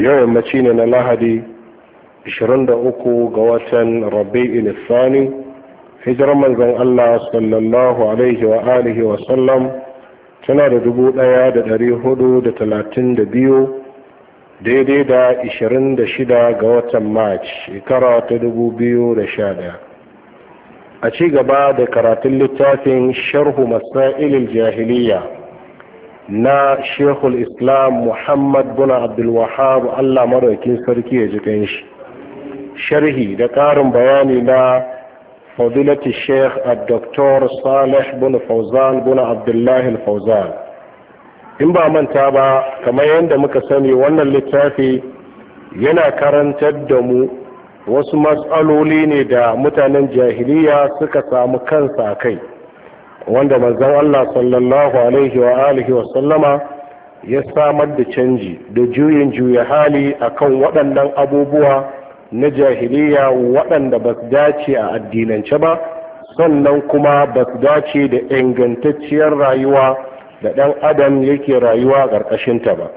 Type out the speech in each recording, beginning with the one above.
yau yammaci ne na lahadi 23 ga watan rabi'in tsani hijirar manzon allah sallallahu alaihi wa alihi wa sallam tana da biyu. daidai da 26 ga watan march shekara ta 2011 a ci gaba da karatun littafin sharhu masailil jahiliya na shekul islam muhammad bin abdulwahab allah Maraikin sarki ya jikin shi sharhi da ƙarin bayani na fadilati a dr salih bin fauzan bin abdullahi fauzan in ba manta ba kamar yadda muka sani wannan littafi yana karantar da mu wasu matsaloli ne da mutanen jahiliya suka samu kansa a kai wanda manzon Allah sallallahu alaihi wa alihi wa sallama ya samar da canji da juyin juya hali akan waɗannan abubuwa na jahiliya waɗanda ba su dace a addinance ba sannan kuma ba su dace da ingantacciyar rayuwa da ɗan adam yake rayuwa ƙarƙashinta ba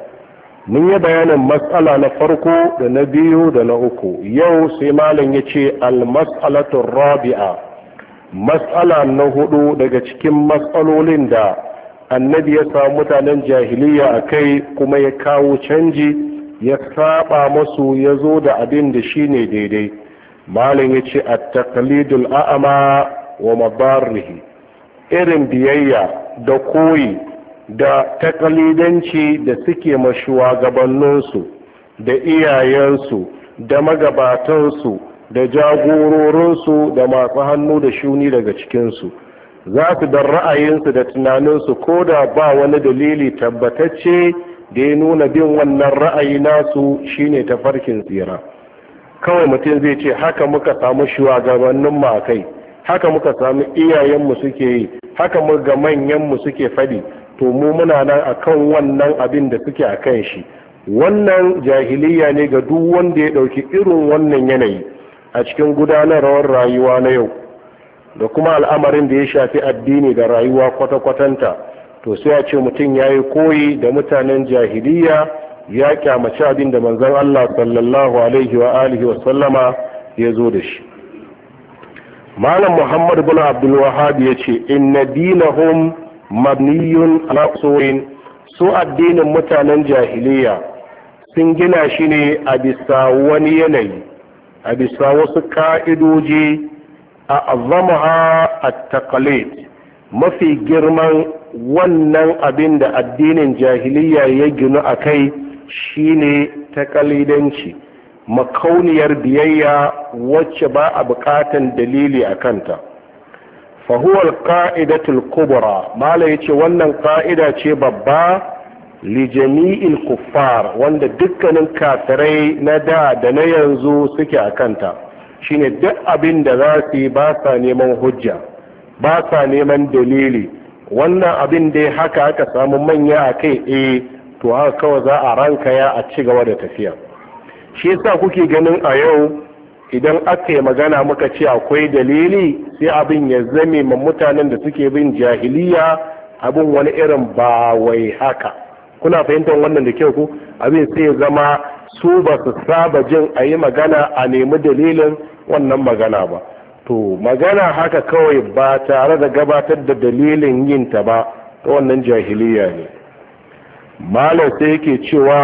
mun yi bayanin matsala na farko da na biyu da na uku yau sai malam ya ce al masalatu rabi'a matsala na hudu daga cikin matsalolin da annabi ya samu mutanen jahiliya a kai kuma ya kawo canji ya saba masu ya zo da abin da shi ne daidai malin ya ce a takalidul a'ama wa mabarihi irin biyayya da koyi da takalidanci da suke mashuwa gabaninsu da iyayensu da magabatansu da jagororinsu da masu hannu da shuni daga cikinsu za su dan ra'ayinsu da tunaninsu ko da ba wani dalili tabbatacce da ya nuna bin wannan ra'ayi nasu shine farkin tsira kawai mutum zai ce haka muka samu shugabannin mu a kai haka muka samu iyayenmu suke yi haka muka manyanmu suke faɗi to mu muna nan akan wannan abin da suke a kan shi wannan jahiliya ne ga duk wanda ya ɗauki irin wannan yanayi a cikin gudanarwar rayuwa na yau da kuma al'amarin da ya shafi addini da rayuwa kwata-kwatanta to sai a ce mutum ya yi koyi da mutanen jahiliya ya kyamaci abin da manzan Allah sallallahu alaihi wa alihi wasallama ya zo da shi malam muhammad bin abdul ya ce inna dinahum mabniyun ala usulin su addinin mutanen jahiliya sun gina shi ne a bisa wani yanayi a bisa wasu ka'idoji a azamaha a takalit mafi girman wannan abin da addinin jahiliya ya ginu a kai shine takalidanci makauniyar biyayya wacce ba a bukatan dalili a kanta fahuwar ka'idatul kubra mala ya ce wannan ka'ida ce babba lijami'il kuffar wanda dukkanin kafirai na da da na yanzu suke a kanta shine duk abin da za su yi ba sa neman hujja ba sa neman dalili wannan abin dai haka aka samu manya a kai eh to haka kawai za a ranka ya a ci gaba da tafiya shi yasa kuke ganin a yau idan aka yi magana muka ce akwai dalili sai abin ya zame ma mutanen da suke bin jahiliya abin wani irin ba wai haka kuna fahimtar wannan da kyau ku abin sai zama su ba su saba jin a yi magana a nemi dalilin wannan magana ba to magana haka kawai ba tare da gabatar da dalilin yin ta ba ta wannan jahiliya ne malam sai yake cewa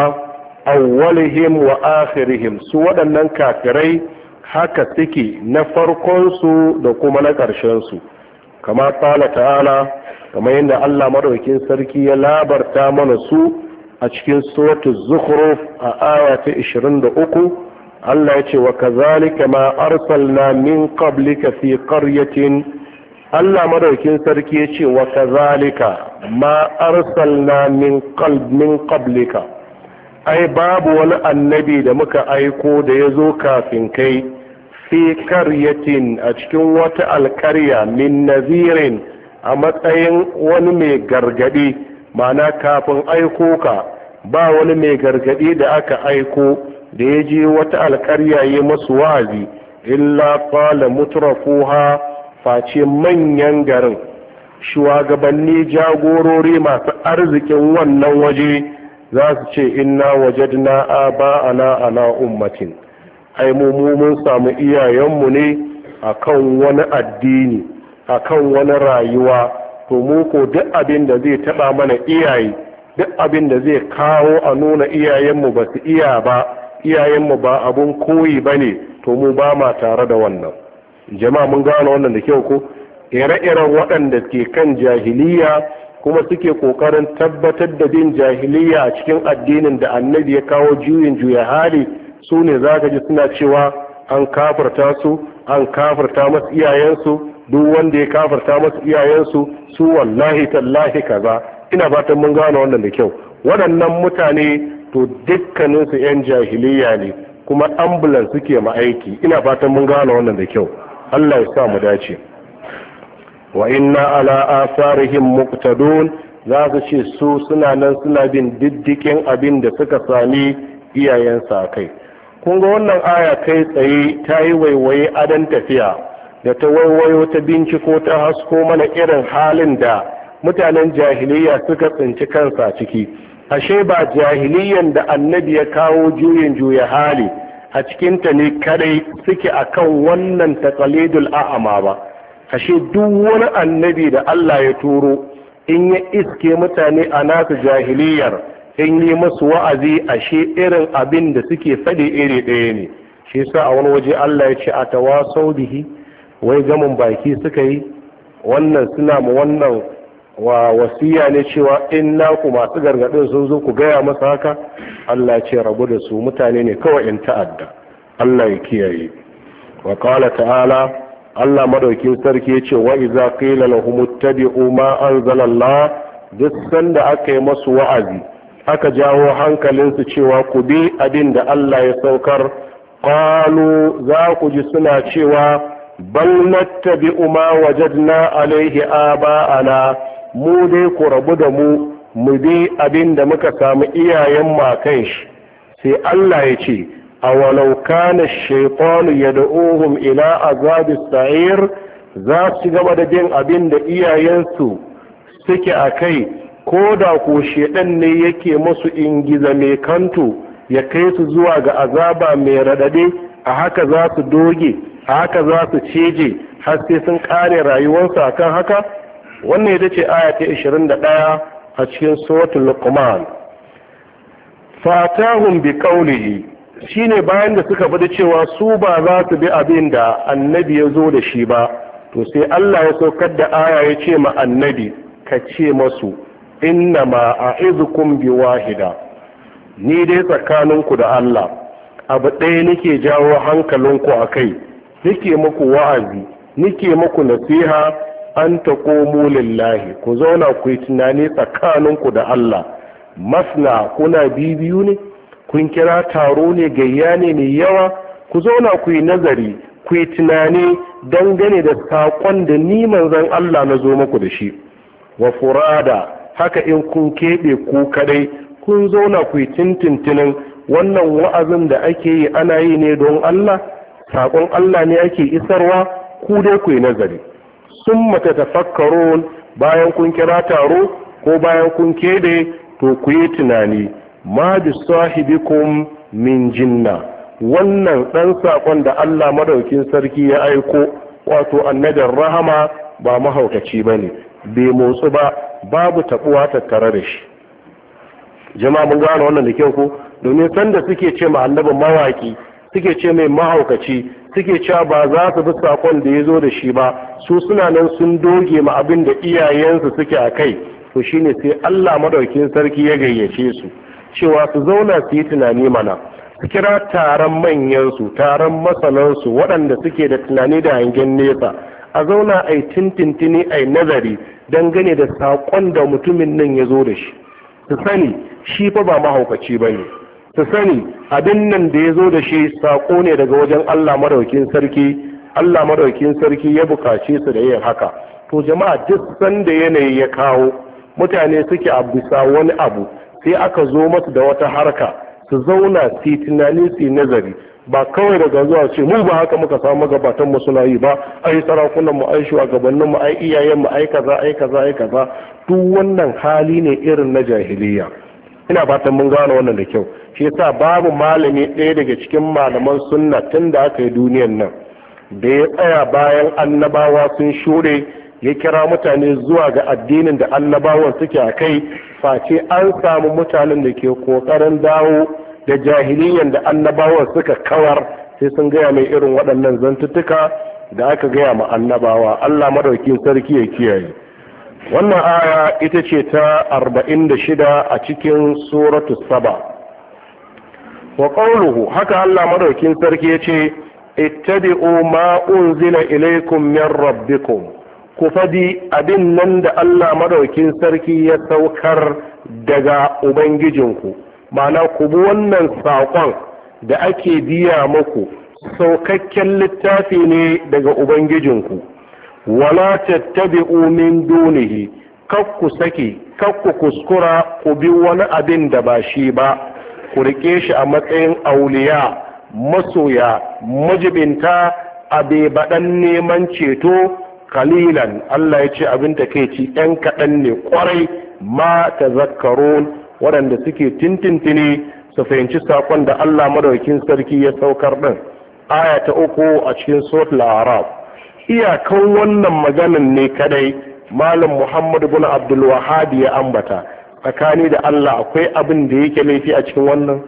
awwalihim wa akhirihim su waɗannan kafirai haka suke na farkonsu da kuma na ƙarshensu kama ta'ala kamar yadda Allah madaukakin sarki ya labarta mana su a cikin suratul zukhruf a aya ta 23 Allah ya ce wa kazalika ma arsalna min qablika fi qaryatin Allah madaukakin sarki ya ce wa kazalika ma arsalna min qalb min qablika ai babu wani annabi da muka aiko da ya zo kafin kai fi karyatin a cikin wata alkarya min nazirin a matsayin wani mai gargadi ma'ana kafin aiko ka ba wani mai gargadi da aka aiko da ya je wata alkarya yi masu wa'azi illa fala mutrafuha face manyan garin shugabanni jagorori masu arzikin wannan waje za su ce inna wajadna a ala ummatin ai mu mun samu iyayenmu ne a kan wani addini a kan wani rayuwa to mu ko duk abin da zai taɓa mana iyaye duk abin da zai kawo a nuna iyayenmu ba su iya ba iyayenmu ba abun koyi ba ne to mu ba ma tare da wannan jama'a mun gano wannan da kyau ko ire-iren waɗanda ke kan jahiliya kuma suke ƙoƙarin tabbatar da bin jahiliya a cikin addinin da annabi ya kawo juyin juya hali su ne za ka ji suna cewa an kafarta su an kafarta masu iyayensu duk wanda ya kafarta masu iyayensu su wallahi tallahi kaza ina fatan mun gane wannan da kyau waɗannan mutane to dukkaninsu 'yan jahiliya ne kuma ambulan suke ma'aiki ina fatan mun gane wannan da kyau Allah ya sa mu dace wa inna ala asarihim muqtadun za su ce su suna nan suna bin diddikin abin da suka sami iyayensa kai kun ga wannan aya kai tsaye ta yi waiwaye adon tafiya da ta wayo ta binciko ta hasko mana irin halin da mutanen jahiliya suka tsinci kansa ciki ashe ba jahiliyan da annabi ya kawo juyin juya hali a cikinta ne kadai suke akan wannan taqalidul a'ama ba ashe duk wani annabi da Allah ya turo in ya iske mutane a nasu jahiliyar in yi musu wa'azi ashe irin abin da suke faɗi iri ɗaya ne shi yasa a wani waje Allah ya ce a tawasau bihi wai gamin baki suka yi wannan suna mu wannan wa wasiya ne cewa in naku masu gargaɗin sun zo ku gaya masa haka Allah ce rabu da su mutane ne kawai in ta'adda Allah ya kiyaye wa qala ta'ala Allah madaukin sarki yace wa iza qila lahum ittabi'u ma Allah duk sanda aka yi masu wa'azi aka jawo su cewa ku bi abin da Allah ya saukar qalu za ku ji suna cewa bal nattabi'u ma wajadna alaihi aba'ana mu dai ku rabu da mu mu bi abin da muka samu iyayen makan shi sai Allah ya ce a walau kana ya yad'uhum ila azabis sa'ir za su gaba da jin abin da iyayensu suke a kai ko da ko shedan ne yake musu ingiza mai kanto ya kai su zuwa ga azaba mai radade a haka za su doge haka za su ceje haske sun kare rayuwarsu kan haka wannan ita ce aya ta 21 a cikin suratul luqman Fatahun bi shine bayan da suka fada cewa su ba za su bi abin da annabi ya zo da shi ba to sai Allah ya saukar da aya ya ce ma annabi ka ce masu inna ma izukun bi wahida ni dai tsakaninku da Allah abu ɗaya nake jawo hankalinku a kai nike muku wa'azi nike muku nasiha an ta komo lillahi ku zauna ku yi tunani tsakaninku da Allah masna kuna bibiyu ne kun kira taro ne gayya ne mai yawa ku zauna ku nazari ku yi tunani dangane da saƙon da ni manzon Allah na zo muku da shi wa furada haka in kun keɓe ku kadai kun zauna ku yi tintintinin wannan wa'azin da ake yi ana yi ne don Allah saƙon Allah ne ake isarwa ku dai ku yi nazari sun mata tafakkarun bayan kun kira taro ko bayan kun kede to ku yi tunani ma bi sahibikum min jinna wannan ɗan saƙon da Allah madaukin sarki ya aiko wato annabin rahama ba mahaukaci ba ne bai motsu ba babu taɓuwa tattare da shi jama'a mun gane wannan da kyau ko domin sanda suke ce ma annabin mawaƙi suke ce mai mahaukaci suke cewa ba za su bi sakon da ya zo da shi ba su suna nan sun doge ma abin da iyayensu suke a kai to shine sai Allah madaukin sarki ya gayyace su cewa su zauna su yi tunani mana su kira taron manyansu taron masanansu waɗanda suke da tunani da hangen nesa a zauna a yi tintintini a yi nazari dangane da saƙon da mutumin nan ya zo da shi su sani shi fa ba mahaukaci ba ne su sani abin nan da ya zo da shi saƙo ne daga wajen Allah madaukin sarki Allah madaukin sarki ya bukace su da yin haka to jama'a duk sanda yanayi ya kawo mutane suke a bisa wani abu sai aka zo masu da wata harka su zauna su tunani su nazari ba kawai daga zuwa ce mu ba haka muka samu gabatan mu suna yi ba ai sarakunan mu ai shugabannin mu ai iyayen mu ai kaza ai kaza ai kaza duk wannan hali ne irin na jahiliya ina fatan mun gane wannan da kyau shi yasa babu malami ɗaya daga cikin malaman sunna tun da aka yi duniyan nan da ya tsaya bayan annabawa sun shure ya kira mutane zuwa ga addinin da annabawan suke a kai face an samu mutanen da ke kokarin dawo da jahiliyan da annabawan suka kawar sai sun gaya mai irin waɗannan zantuttuka da aka gaya ma annabawa allah madaukin sarki ya kiyaye wannan aya ita ce ta arba'in da shida a cikin suratu saba wa ƙauluhu haka Allah maɗaukin sarki ya yace ittabi'u ma unzila ilaikum min rabbikum ku fadi abin nan da Allah maɗaukin sarki ya saukar daga ubangijinku ma'ana ku bi wannan saƙon da ake biya muku saukakken littafi ne daga ubangijinku wala tattabi'u min dunihi kakku saki kakku kuskura ku bi wani abin da ba shi ba ku rike shi a matsayin auliya masoya majibinta abebaɗan baɗan neman ceto kalilan Allah ya ce abin da kai ci ɗan kaɗan ne ƙwarai ma ta zakkarun waɗanda suke tintintini su fahimci saƙon da Allah madaukin sarki ya saukar ɗin aya ta uku a cikin suratul arab iyakan wannan maganin ne kadai malam muhammad bin abdul wahadi ya ambata tsakani da allah akwai abin da yake laifi a cikin wannan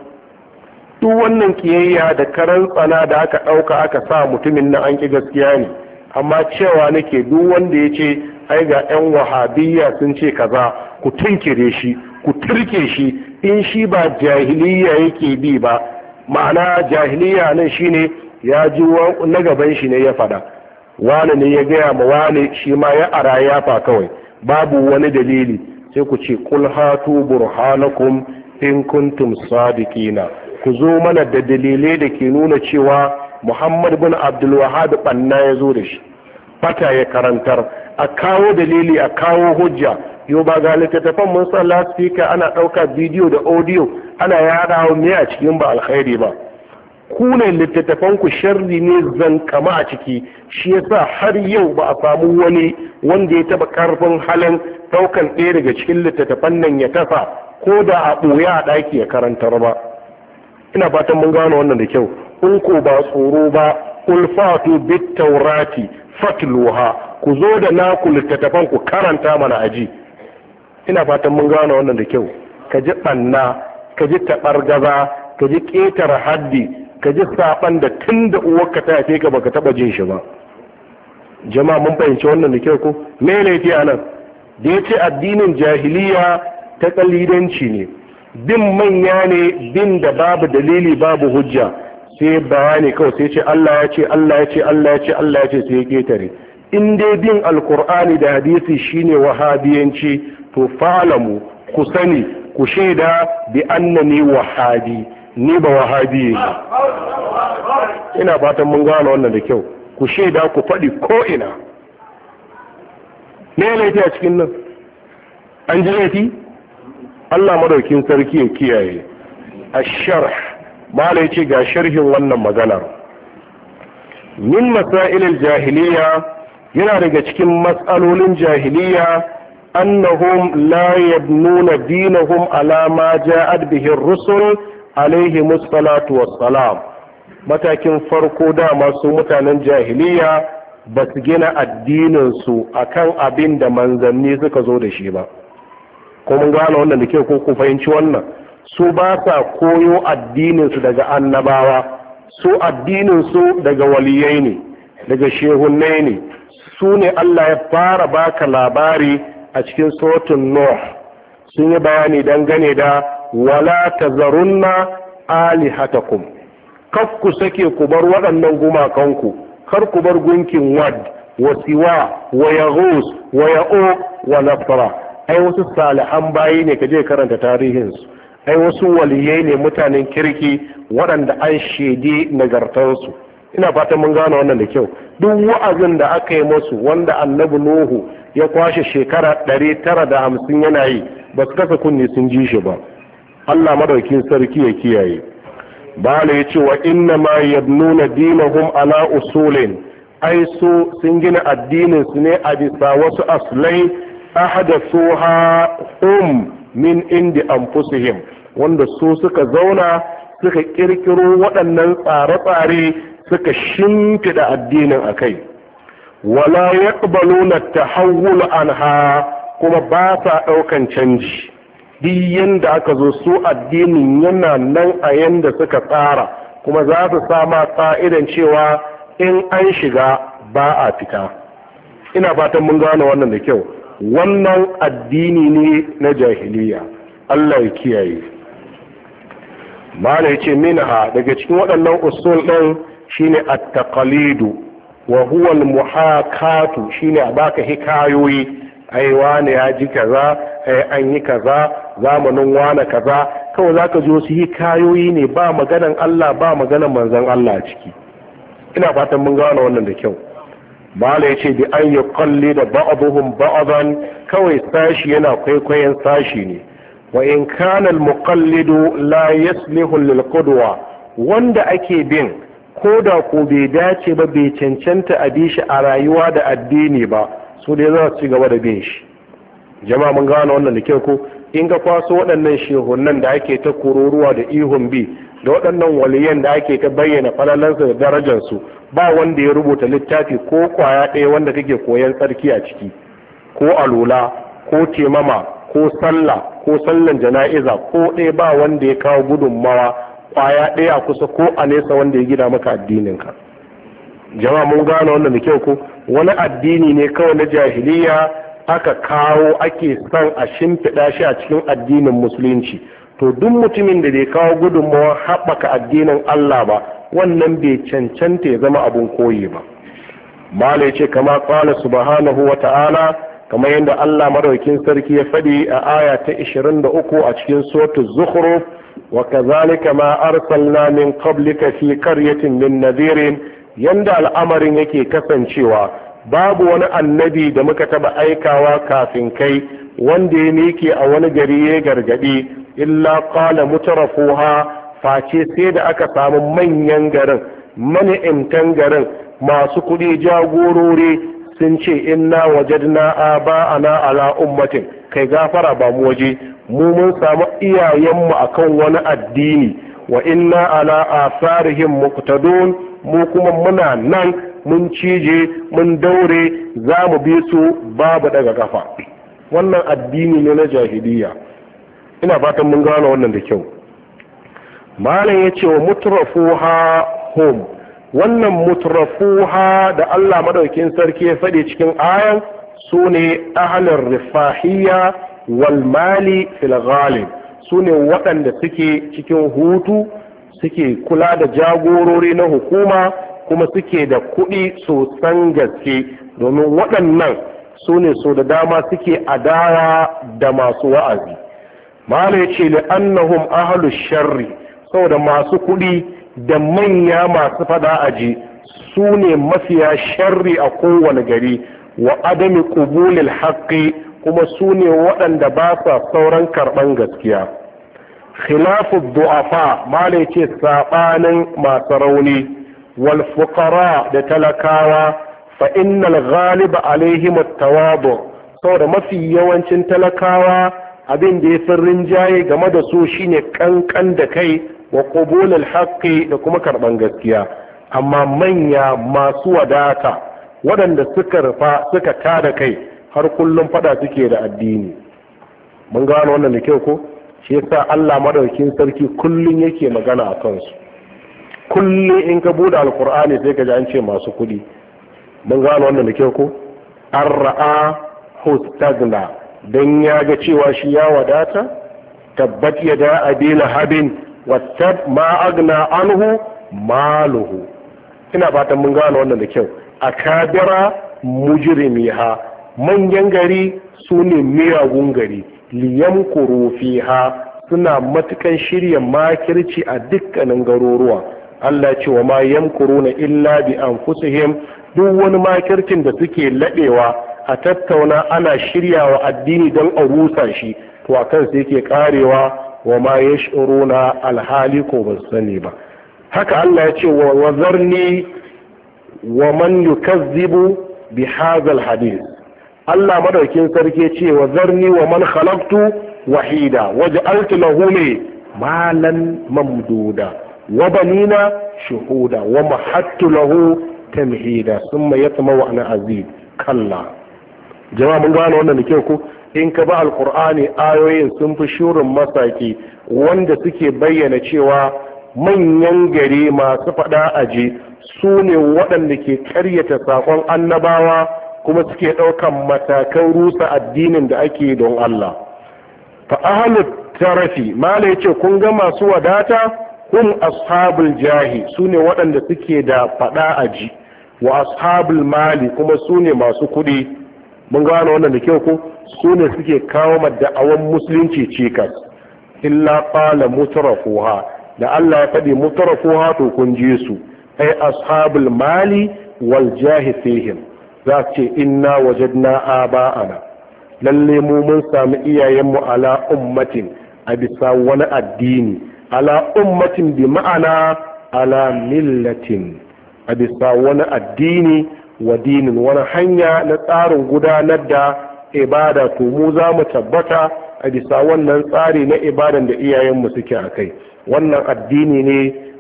duk wannan kiyayya da karan tsana da aka ɗauka aka sa mutumin nan an ki gaskiya ne amma cewa nake duk wanda ya ce ai ga 'yan wahabiyya sun ce kaza ku tunkire shi ku turke shi in shi ba jahiliya yake bi ba ma'ana jahiliya nan shine ya ji na gaban shi ne ya fada wani ne ya gaya ma wane shi ma ya ara ya fa kawai babu wani dalili sai ku ce kul hatu burhanakum in kuntum sadiqina ku zo mana da dalilai da ke nuna cewa muhammad bin abdul wahab banna ya zo da shi fata ya karantar a kawo dalili a kawo hujja yau ba ga littattafan mun san lasfika ana ɗauka bidiyo da audio ana yaɗawa me a cikin ba alkhairi ba kuna littattafanku sharri ne zan kama a ciki shi yasa har yau ba a samu wani wanda ya taba karfin halin daukan ɗaya daga cikin littattafan nan ya tafa ko da a ɓoye a ɗaki ya karantar ba ina fatan mun gano wannan da kyau in ko ba tsoro ba ulfatu bittaurati taurati fatluha ku zo da naku littattafan ku karanta mana aji ina fatan mun gano wannan da kyau ka ji ɓanna ka ji taɓar gaza ka ji ƙetare haddi ka ji saɓan da tun da uwarka ta haife ka baka taɓa jin shi ba jama'a mun fahimci wannan da kyau ko me laifi a nan da ya ce addinin jahiliya ta ƙalidanci ne bin manya ne bin da babu dalili babu hujja sai bayani kawai sai ce Allah ya ce Allah ya ce Allah ya ce Allah ya ce sai ya ketare in dai bin alkur'ani da hadisi shine wahabiyanci to falamu ku sani ku shaida bi annani wahabi ni ba wahabi ina fatan mun gano wannan da kyau ku shaida ku faɗi ko ina ne laifi a cikin nan an ji laifi Allah madaukin sarki ya kiyaye sharh ما ليتي ga sharhin wannan maganar min masailil jahiliya yana daga cikin matsalolin jahiliya annahum la yabnuna dinahum ala ma ja'at bihi ar-rusul alaihi musallatu wassalam matakin farko dama su mutanen jahiliya ba su gina addininsu a kan abin da manzanni suka zo da shi ba kuma gane wannan da ke ku fahimci wannan su ba sa koyo addininsu daga annabawa su addininsu daga waliyai ne daga shehunnai ne su ne allah ya fara baka labari a cikin sautin nuh sun yi bayani dangane da wala tazarunna alihatakum kaf ku sake ku bar waɗannan gumakanku kar ku bar gunkin wad wa siwa wa yaghus wa ya'u wa nasra ai wasu salihan bayi ne kaje karanta tarihinsu ai wasu waliyai ne mutanen kirki waɗanda an shaidi nagartarsu ina fatan mun gane wannan da kyau duk wa'azin da aka yi masu wanda annabi nuhu ya kwashe shekara ɗari tara da hamsin yana yi ba su kasa kunne sun ji shi ba Allah madaukin sarki ya kiyaye bala ce wa inna ma yabnuna dinahum ala usulin ai su sun gina addinin su ne a bisa wasu aslai ahadathuha um min indi anfusihim wanda su suka zauna suka kirkiro waɗannan tsare-tsare suka shimfida addinin akai wala yaqbaluna tahawwul anha kuma ba sa ɗaukan canji duk da aka zo su addinin yana nan a yanda suka tsara kuma za su sama ƙa'idan cewa in an shiga ba a fita ina fatan mun gane wannan da kyau wannan addini ne na jahiliya Allah ya kiyaye mala yace minha daga cikin waɗannan usul ɗin shine at-taqalidu wa huwa al-muhakatu shine a baka hikayoyi aiwa ne ya ji kaza ai an yi kaza zamanin wane kaza kawai zaka su yi kayoyi ne ba maganan Allah ba maganan manzon Allah ciki ina fatan mun gane wannan da kyau bala ya ce bi an yi kalli da ba'aduhum ba'adan kawai sashi yana kwaikwayon sashi ne wa in kana kalli muqallidu la yaslihu lil qudwa wanda ake bin ko da ko bai dace ba bai cancanta a bi shi a rayuwa da addini ba su dai za su ci gaba da bin shi jama'a mun gane wannan da kyau ko in ga kwaso waɗannan shehunan da ake ta kururuwa da ihun bi da waɗannan waliyan da ake ta bayyana falalansu da darajarsu ba wanda ya rubuta littafi ko kwaya ɗaya wanda kake koyan tsarki a ciki ko alula ko temama ko sallah ko sallan jana'iza ko ɗaya ba wanda ya kawo gudunmawa kwaya ɗaya a kusa ko a nesa wanda ya gida maka addininka jama'a mun gane wannan da kyau ko wani addini ne kawai na jahiliya aka kawo ake son a shimfiɗa shi a cikin addinin musulunci to duk mutumin da bai kawo gudunmawar haɓaka addinin Allah ba wannan bai cancanta ya zama abun koyi ba mala ce kama kwana subhanahu wa ta'ala kamar yadda Allah maraukin sarki ya faɗi a aya ta 23 a cikin suratul zukhruf wa kazalika ma arsalna min qablika fi qaryatin min nadhirin yanda al'amarin yake kasancewa babu wani annabi da muka taba aikawa kafin kai wanda ya miƙe a wani gari ya gargaɗi illa qala mutarafuha face sai da aka samu manyan garin mani'imtan garin masu kuɗi jagorori sun ce inna wajadna aba'ana ala ummatin kai gafara ba mu waje mu mun samu iyayenmu akan wani addini wa inna ala asarihim muqtadun mu kuma muna nan mun cije mun daure za mu bi su babu daga kafa wannan addini ne na jahiliya ina fatan mun gano wannan da kyau malam ya ce wa mutrafuha hum wannan mutrafuha da Allah madaukin sarki ya faɗi cikin ayan su ne ahalar rifahiyya wal mali fil ghalib su ne waɗanda suke cikin hutu suke kula da jagorori na hukuma kuma suke da kuɗi sosan gaske domin waɗannan su ne so da dama suke adawa da masu wa'azi mala ya ce li'annahum ahalu sharri saboda masu kuɗi da manya masu fada aji su ne mafiya sharri a kowane gari wa adami qubulil haƙƙi kuma su ne waɗanda ba sa sauran karɓan gaskiya khilafu du'afa mala ya ce saɓanin masu rauni Walfukara da talakawa fa Galiba ghaliba alaihim saboda mafi yawancin talakawa abin da ya fi rinjaye game da su shine kankan da kai wa qubul al da kuma karban gaskiya amma manya masu wadata waɗanda suka rufa suka tada kai har kullum fada suke da addini mun gano wannan da kyau ko shi yasa Allah madaukin sarki kullun yake magana a kansu kulle in ka bude alkur'ani sai ka ji an ce masu kudi mun gano wannan da kyau ko an ra'a hustagna don ya ga cewa shi ya wadata tabbat ya da abi lahabin wattab ma agna anhu maluhu ina fatan mun gano wannan da kyau akabira mujrimiha manyan gari su ne miyagun gari liyan kurufiha suna matukan shirya makirci a dukkanin garuruwa Allah ce wa ma yamkuruna illa bi anfusihim duk wani makirkin da suke laɓewa a tattauna ana shiryawa addini don a rusa shi to a sai yake karewa wa ma na alhali ko ban sani ba haka Allah ya ce wa wazarni wa man yukazzibu bi hadhal hadith Allah madaukin sarki ce wa zarni wa man khalaqtu wahida waj'altu lahu malan mamduda wa banina shuhuda wa mahattu lahu tamhida thumma yatma'u an azi kalla jama'a mun gane wannan da kyau ko in ka ba alkur'ani ayoyin sun fi shurin masaki wanda suke bayyana cewa manyan gari masu faɗa aji su ne waɗanda ke karyata saƙon annabawa kuma suke ɗaukan matakan rusa addinin da ake don Allah fa ahalu tarafi mala yace kun ga masu wadata hum ashabul jahi sune waɗanda suke da faɗa a ji wa ashabul mali kuma sune masu kuɗi mun gano wannan da kyau ko sune suke kawo madda'awan musulunci cikas illa qala mutrafuha da Allah ya faɗi mutrafuha to kun ji su ai ashabul mali wal jahi fihim za ce inna wajadna aba'ana lalle mu mun samu iyayenmu ala ummatin a bisa wani addini ala ummatin bi ma'ana ala millatin a bisa wani addini wa dinin wani hanya na tsarin gudanar da ibada to mu za mu tabbata a bisa wannan tsari na ibadan da iyayenmu suke a kai wannan addini ne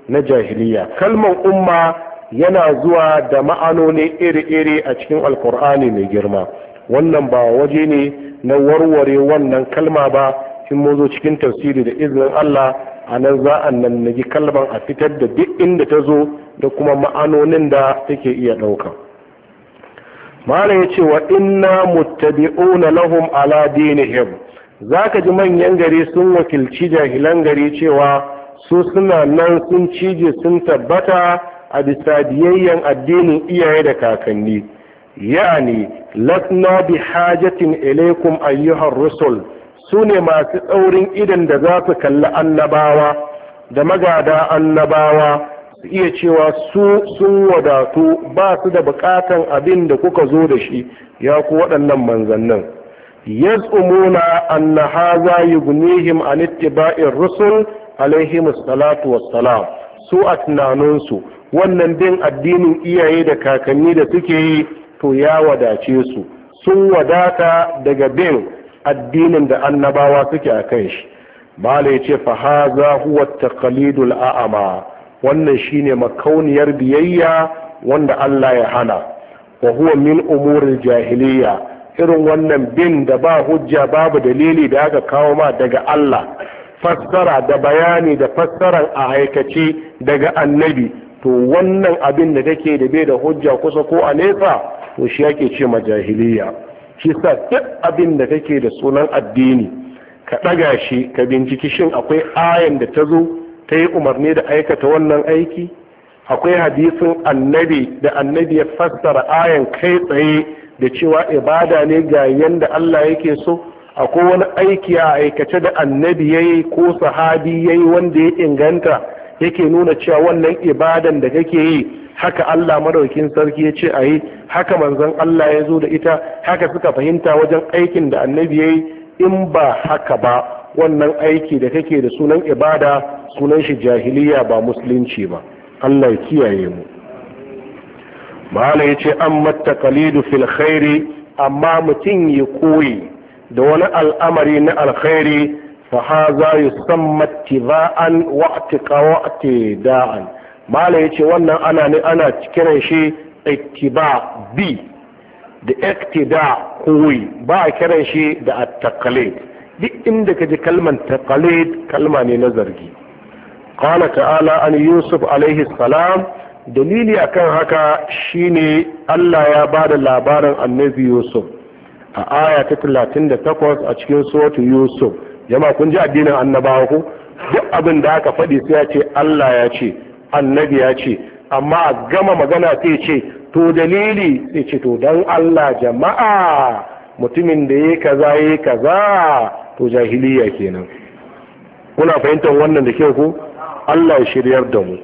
na jahiliya kalmar umma yana zuwa da ma'anoni iri-iri a cikin alkur'ani mai girma wannan ba waje ne na warware wannan kalma ba in mu zo cikin tafsiri da izinin allah a nan za a nan na ji kalban a fitar da duk inda ta zo da kuma ma'anonin da take iya ɗauka malam ya ce wa inna muttabi'una lahum ala dinihim zaka ji manyan gari sun wakilci jahilan gari cewa su suna nan sun cije sun tabbata a bisa biyayyen addinin iyaye da kakanni ya'ani lasna bi hajatin ilaikum ayyuhar rusul su ne masu tsaurin idan da za su kalli annabawa da magada annabawa su iya cewa su sun wadatu ba su da bukatan abin da kuka zo da shi ya ku waɗannan manzannin yaz'umuna anna yi yughnihim an ittiba'ir rusul alaihim salatu wassalam su a tunaninsu wannan bin addinin iyaye da kakanni da suke yi to ya wadace su sun wadata daga bin addinin da annabawa suke a kan shi mala ya ce fahaza huwa taqalidul a'ama wannan shine makauniyar biyayya wanda Allah ya hana wa huwa min umuril jahiliya irin wannan bin da ba hujja babu dalili da aka kawo ma daga Allah fassara da bayani da fassaran a aikace daga annabi to wannan abin da take da bai da hujja kusa ko a nesa to shi yake ce ma jahiliya shi sa duk abin da kake da sunan addini ka ɗaga shi ka binciki shin akwai ayan da ta zo ta yi umarni da aikata wannan aiki akwai hadisin annabi da annabi ya fassara ayan kai tsaye da cewa ibada ne ga yanda Allah yake so akwai wani aiki a aikace da annabi ya yi ko sahabi ya yi wanda ya inganta yake nuna cewa wannan ibadan da kake yi haka Allah madaukin sarki ya ce a yi haka manzon Allah ya zo da ita haka suka fahimta wajen aikin da annabi ya yi in ba haka ba wannan aiki da kake da sunan ibada sunan shi jahiliya ba musulunci ba Allah ya kiyaye mu mala ya ce an matakalidu fil khairi amma mutum ya koyi da wani al'amari na alkhairi fa haza yusamma tiba'an wa da'an mala ya ce wannan ana ne ana kiran shi ittiba bi da iktida kuwi ba a kiran shi da at-taqlid duk inda kaji kalmar taqlid kalma ne na zargi qala ta'ala an yusuf alaihi salam dalili akan haka shine Allah ya bada labarin annabi yusuf a aya ta 38 a cikin suratu yusuf jama'a kun ji addinin annabawa ku duk abin da aka faɗi sai ya ce Allah ya ce annabi ya ce amma a gama magana sai ce to dalili sai ce to don Allah jama'a mutumin da ya kaza ya kaza to jahiliya kenan kuna fahimtar wannan da kyau ko Allah ya shiryar da mu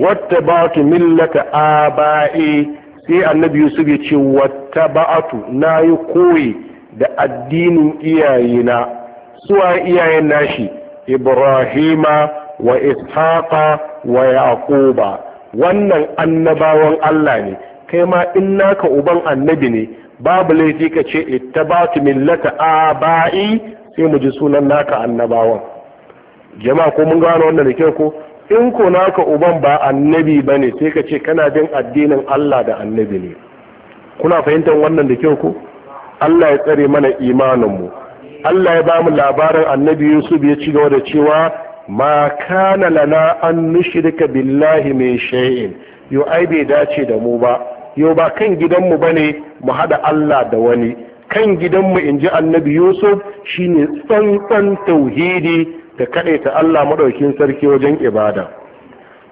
wata ba'atu millata aba'i sai annabi Yusuf ya ce wata ba'atu na yi koyi da addinin iyayena suwa iyayen nashi Ibrahima wa ishaqa wa yaquba wannan annabawan Allah ne kai ma in naka uban annabi ne babu laifi ka ce ittabatu millata aba'i sai mu ji sunan naka annabawan jama'a ko mun gano wannan da kyau ko in ko naka uban ba annabi bane sai ka ce kana bin addinin Allah da annabi ne kuna fahimtar wannan da kyau ko Allah ya tsare mana imanin mu Allah ya ba mu labarin annabi Yusuf ya ci gaba da cewa ma kana lana an nushrika billahi mai shay'in yau ai bai dace da mu ba Yau ba kan gidanmu bane mu haɗa Allah da wani kan gidanmu inji annabi Yusuf shine tsantsan tauhidi da ta Allah madaukin sarki wajen ibada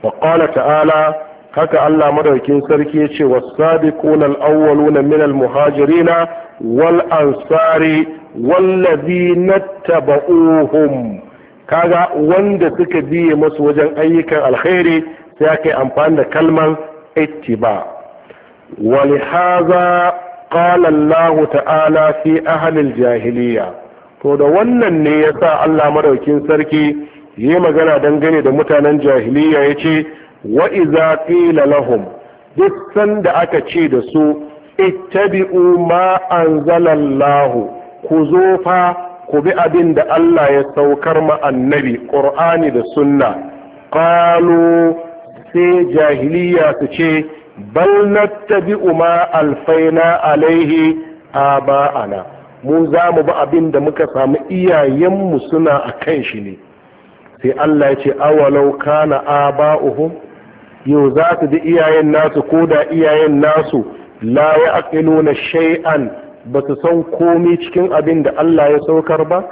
wa ta'ala haka Allah madaukin sarki yace wa sabiquna al-awwaluna na al-muhajirina wal ansari wallazina tabauhum kaga wanda suka biye masu wajen ayyukan alkhairi sai aka amfani da kalman ittiba wani haza qala Allah ta'ala fi ahlil jahiliya to da wannan ne yasa Allah madaukin sarki yi magana dangane da mutanen jahiliya yace wa iza qila lahum duk sanda aka ce da su ittabi'u ma anzalallahu ku zo fa ku bi abin da Allah ya saukar ma annabi ƙur'ani da sunna qalu sai jahiliya su ce bal nattabi'u ma alfaina alaihi aba'ana mu za mu bi abin da muka samu iyayenmu suna a kan shi ne sai Allah ya ce awalau kana aba'uhum yau za su ji iyayen nasu ko da iyayen nasu la ya aqiluna shay'an ba su san komi cikin abin da Allah ya saukar ba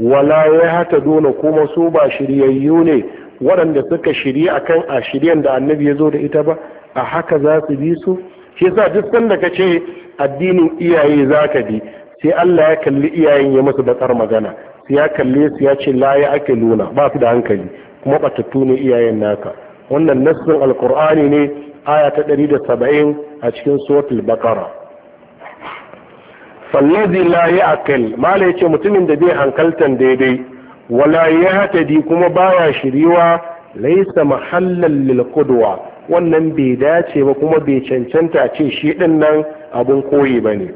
wala ya hata dole kuma su ba shiryayyu ne waɗanda suka shirya akan a shiryan da annabi ya zo da ita ba a haka za su bi su shi yasa duk sanda ka ce addinin iyaye za ka bi sai Allah ya kalli iyayen ya masu batsar magana sai ya kalle su ya ce la ya ake luna ba su da hankali kuma batattu ne iyayen naka wannan nassin alkur'ani ne aya ta ɗari da saba'in a cikin suratul baqara fallazi la ya akil mala yace mutumin da bai hankaltan daidai wala ya hatadi kuma baya shiriwa laisa mahallan lil wannan bai dace ba kuma bai cancanta ce shi din abun koyi bane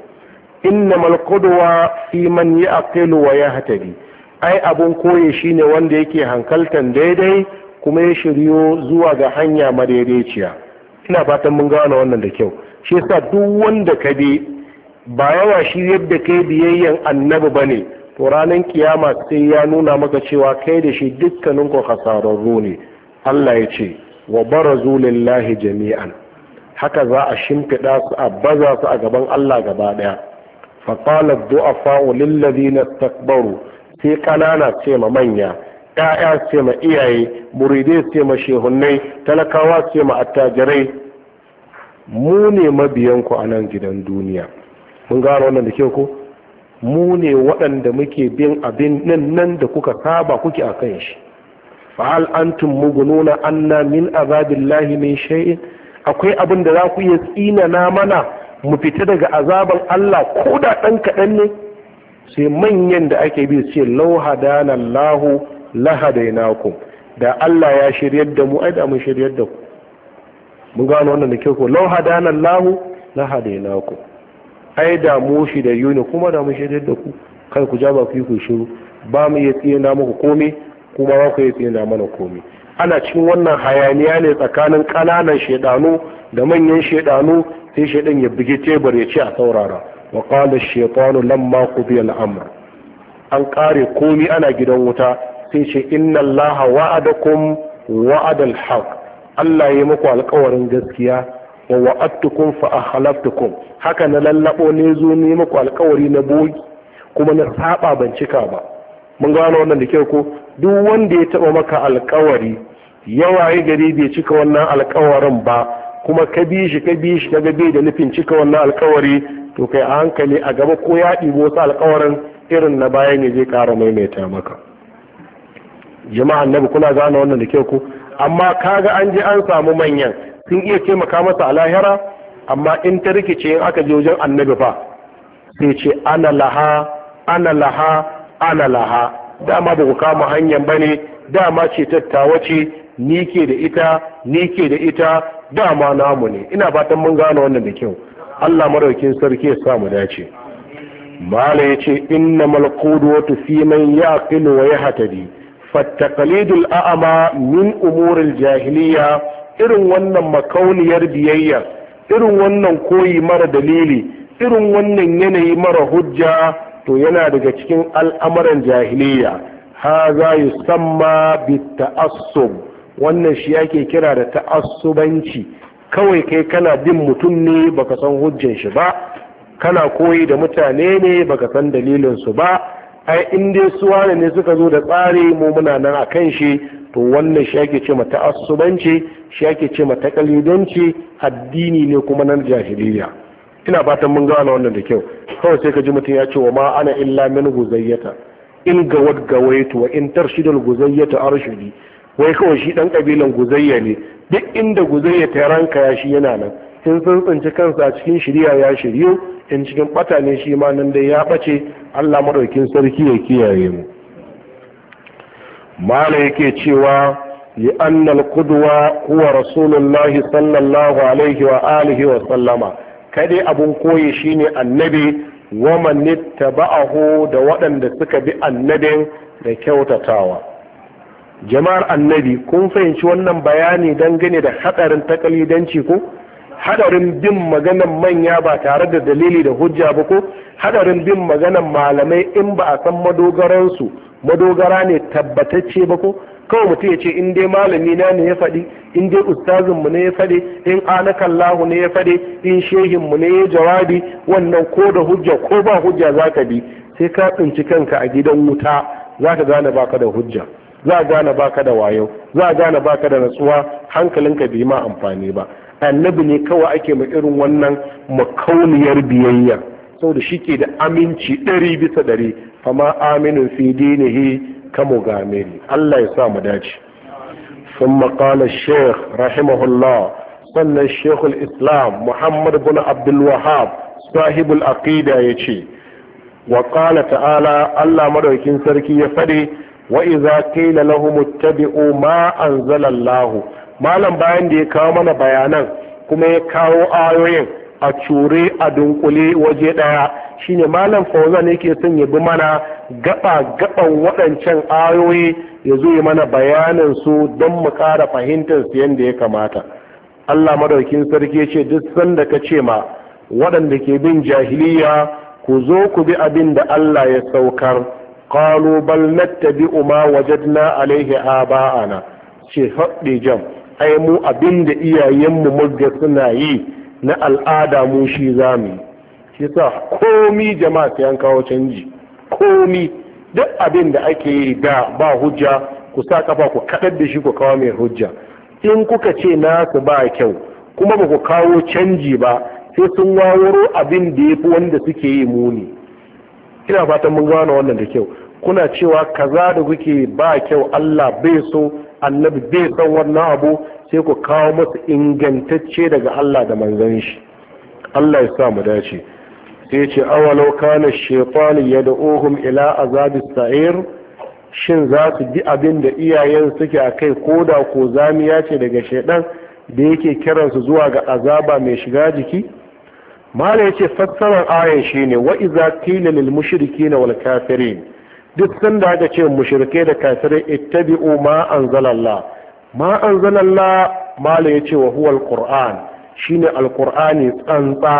innamal qudwa fi man ya'qil wa yahtadi ai abun koyi shine wanda yake hankaltan daidai kuma ya shiryo zuwa ga hanya madaidaiciya ina fatan mun gane wannan da kyau shi yasa duk wanda ka bi ba yawa shi yadda kai biyayyan annabi ba ne to ranar kiyama sai ya nuna maka cewa kai da shi dukkanin ku hasararru ne Allah ya ce wa barazu lillahi jami'an haka za a shimfiɗa su a baza su a gaban Allah gaba ɗaya faƙala du'afa na takbaru sai ƙanana ce ma manya ƴaƴa ce ma iyaye muridai ce ma shehunnai talakawa ce ma attajirai mu ne mabiyanku a nan gidan duniya mun gano wannan da kyau ko mu ne waɗanda muke bin abin nan nan da kuka saba kuke a kan shi fa'al antum mugununa anna min azabillahi min shay'in akwai abin da za ku iya tsinana mana mu fita daga azaban Allah ko da ɗan kaɗan ne sai manyan da ake bi ce lahu lahadaina ku da Allah ya shiryar da mu ai da mun shiryar da ku mun gano wannan da kyau ko lauhadana Allahu ku ai mu shi da yuni kuma mu shi da ku kai ku ja ba ku yi ku shiru ba mu iya tsina muku komai kuma ba ku iya tsina mana komai ana cikin wannan hayaniya ne tsakanin kananan shaidanu da manyan shaidanu sai shaidan ya bugi tebur ya ce a saurara wa qala shaytanu lamma qudiya al-amr an kare komai ana gidan wuta sai ce inna allaha wa'adakum al-haq Allah ya yi muku alƙawarin gaskiya wa wa'adtukum fa akhlaftukum haka na lallabo ne zo ne muku alkawari na bogi kuma na saba ban cika ba mun gano wannan da kyau ko duk wanda ya taba maka alkawari yawa ya gari bai cika wannan alkawarin ba kuma ka bi shi ka bi shi kaga bai da nufin cika wannan alkawari to kai a hankali a gaba ko ya ɗibo wasu alkawarin irin na bayan ya zai ƙara maimaita maka jama'an nabi kuna gano wannan da kyau ko amma kaga an je an samu manyan sun iya taimaka masa a lahira amma in ta rikice in aka je wajen annabi fa sai ce ana laha ana laha ana laha dama ba ku kama hanyar ba ne dama ce tattawa ce ni ke da ita ni ke da ita dama namu ne ina fatan mun gane wannan da kyau Allah maraukin sarki ya sa mu dace mala yace ce inna malkudu fi man ya wa ya hatari fattakalidu a'ama min umuril jahiliya irin wannan makauniyar biyayya irin wannan koyi mara dalili irin wannan yanayi mara hujja to yana daga cikin al'amuran jahiliya ha haza yusamma bi ta'assub wannan shi yake kira da ta'assubanci kawai kai kana bin mutum ne baka san hujjan shi ba kana koyi da mutane ne baka san dalilin su ba ai in dai su ne suka zo da tsari mu muna nan akan shi to wannan shi yake ce ma asubanci shi ake ce ma takalidanci addini ne kuma nan jahiliya ina fatan mun gane wannan da kyau kawai sai ka ji mutum ya ce wa ma ana illa min guzayyata in gawad gawaitu wa in tarshidul guzayyata arshidi wai kawai shi dan kabilan guzayya ne duk inda guzayya ta ranka ya shi yana nan in sun tsinci kansa cikin shirya ya shiryo. in cikin bata ne shi ma nan dai ya bace Allah madaukin sarki ya kiyaye mu mala yake cewa لأن القدوة هو رسول الله صلى الله عليه وآله وسلم كدي أبو كوي شيني النبي ومن اتبعه دوأن دسك بالنبي لكيو تتاوى jama'ar annabi kun fahimci wannan bayani دنجني da حقر takalidanci ko hadarin bin maganan manya ba tare da dalili da hujja ba ko hadarin bin maganan malamai in ba a san madogaransu madogara ne tabbatacce ba ko kawai mutum ya ce in dai malami na ne ya faɗi in dai ustazin mu ne ya faɗi in anakan lahu ne ya faɗi in shehin mu ne ya jawabi wannan ko da hujja ko ba hujja zaka bi sai ka tsinci kanka a gidan wuta zaka gane baka da hujja za a gane baka da wayo za a gane baka da natsuwa hankalinka bai ma amfani ba annabi ne kawai ake ma irin wannan makauniyar biyayya saboda shi ke da aminci ɗari bisa ɗari fama aminin fi dinihi kamo gameri Allah ya sa mu dace sun maƙala sheikh rahimahullah sannan sheikhul islam muhammad bin abdullahab sahibul aqida ya ce waƙala ta'ala Allah maɗaukin sarki ya faɗi wa iza kaila lahu muttabi'u ma an malam bayan da ya kawo mana bayanan kuma ya kawo ayoyin a cure a dunkule waje ɗaya shine malam fauzan yake son ya bi mana gaba gaban waɗancan ayoyi ya zo yi mana bayanin su don mu ƙara fahimtar su yadda ya kamata Allah madaukin sarki ce duk sanda ka ce ma waɗanda ke bin jahiliya ku zo ku bi abin da Allah ya saukar qalu bal nattabi'u ma wajadna alaihi aba'ana ce haɗe jam ai mu abin da iyayenmu muga suna yi na al'ada mu shi zamu shi sa komi jama'a sai an kawo canji komi duk abin da ake yi da ba hujja ku sa kafa ku kaɗar da shi ku kawo mai hujja in kuka ce nasu ba kyau kuma ba ku kawo canji ba sai sun wawaro abin da ya fi wanda suke yi muni ina fatan mun gano wannan da kyau kuna cewa kaza da kuke ba kyau Allah bai so annabi bai san wannan abu sai ku kawo masu ingantacce daga Allah da manzan shi Allah ya sa mu dace sai ce awalau kana shaitan ya da'uhum ila azabis sa'ir shin za su bi abin da iyayen suke a kai ko da ko zamiya ce daga shaidan da yake kiransu zuwa ga azaba mai shiga jiki mala ce fassarar ayan shine wa iza qila lil na wal kafirin duk sanda aka ce mushrike da kafirai ittabi'u ma anzalallah ma anzalallah mala yace wa huwa alquran shine alqurani tsantsa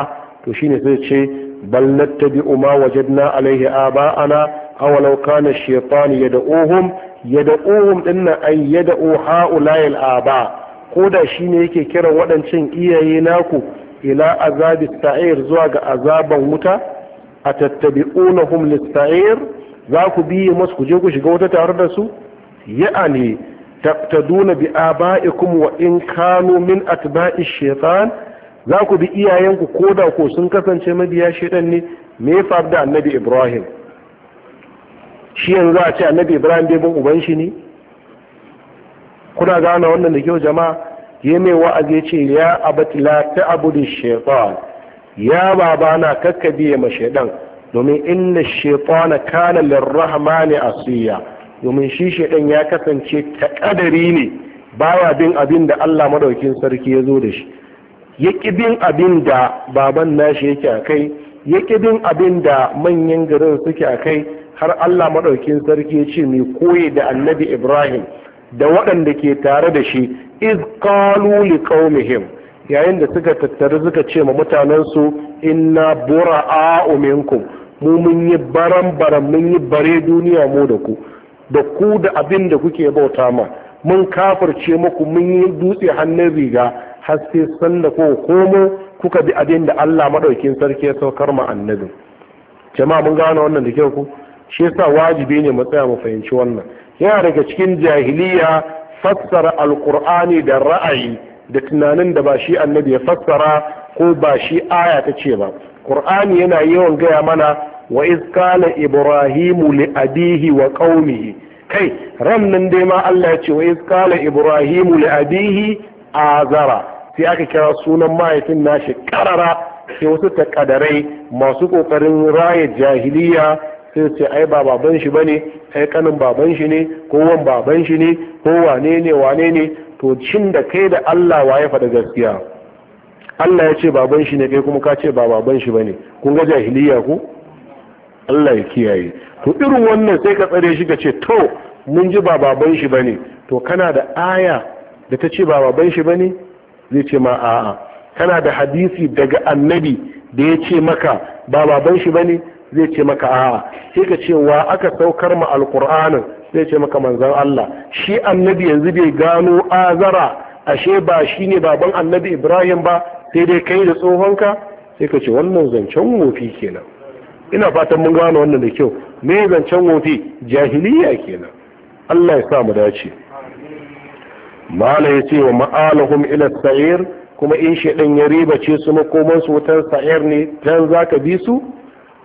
to shine sai ce bal nattabi'u ma wajadna alaihi aba'ana aw law kana ash-shaytanu yad'uhum yad'uhum dinna ay yad'u ha'ula'il aba ko da shine yake kiran waɗancan iyaye naku ila azabi sa'ir zuwa ga azaban wuta atattabi'unahum lis-sa'ir za ku bi musu ku je ku shiga wata tare da su ya'ani taqtaduna bi aba'ikum wa in kanu min atba'i shaytan za ku bi iyayenku ko da ko sun kasance mabiya shaidan ne me ya faru da annabi ibrahim shi yanzu a ce annabi ibrahim bai bin uban shi ne kuna gane wannan da kyau jama'a ya mai wa'azi ya ce ya abati la ta'budu shaytan ya baba na kakkabe ma shaidan domin inna shaytana kana lirrahmani asiya domin shi shaidan ya kasance ta kadari ne baya bin abin da Allah madaukin sarki ya zo da shi ya bin abin da baban nashi yake a kai ya bin abin da manyan garin suke a kai har allah maɗaukin sarki ya ce mai koyi da annabi ibrahim da waɗanda ke tare da shi iz qalu yayin da suka tattaru suka ce ma mutanensu inna bura'a'u minkum mu mun yi baran baran mun yi bare duniya mu da ku da ku da abin da kuke bauta ma mun kafirce muku mun yi dutse hannun riga har sai ko komo kuka bi abin da Allah madaukin sarki ya saukar ma annabi. jama'a mun gane wannan da kyau ku shi yasa wajibi ne mu tsaya mu fahimci wannan yana daga cikin jahiliya fassara alqur'ani da ra'ayi da tunanin da ba shi annabi ya fassara ko ba shi aya ta ce ba qur'ani yana yawan gaya mana wa iz qala ibrahimu li abihi wa qaumihi kai ran nan dai ma Allah ya ce wa iz qala ibrahimu li abihi azara sai aka kira sunan mahaifin nashi karara sai wasu takadarai masu kokarin raya jahiliya sai ce ai ba baban shi bane ai kanin baban shi ne ko wan baban shi ne ko wane ne wane ne to cin da kai da Allah waye faɗa gaskiya Allah ya ce baban shi ne kai kuma ka ce ba baban shi bane kun ga jahiliya ko Allah ya kiyaye to irin wannan sai ka tsare shi ka ce to mun ji ba baban shi bane to kana da aya da ta ce ba baban shi bane zai ce ma a'a kana da hadisi daga annabi da ya ce maka ba baban shi bane zai ce maka a'a sai ka ce wa aka saukar ma alqur'anin zai ce maka manzon Allah shi annabi yanzu bai gano azara ashe ba shi ne baban annabi Ibrahim ba sai dai kai da tsohonka sai ka ce wannan zancen wofi kenan ina fatan mun gano wannan da kyau me zancen wofi jahiliya kenan Allah ya sa mu dace mala ya ce wa ma'alahum ila sa'ir kuma in shaidan ya ce su makoman su wutar sa'ir ne can za ka bi su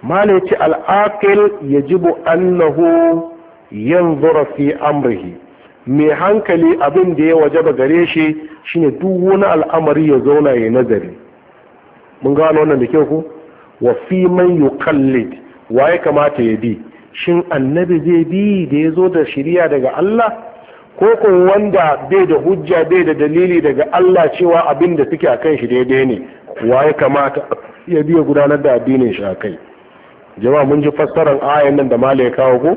mala ya ce al'aqil yajibu annahu yanzura fi amrihi mai hankali abin da ya wajaba gare shi shine duk wani al'amari ya zauna ya nazari mun gano wannan da kyau ku wa fi man yuqallid wa ya kamata ya bi shin annabi zai bi da ya zo da shiriya daga Allah ko kun wanda bai da hujja bai da dalili daga Allah cewa abin da suke a kan shi daidai ne waye kamata ya biya gudanar da addinin shi a kai jama'a mun ji fassarar ayan nan da malai kawo ko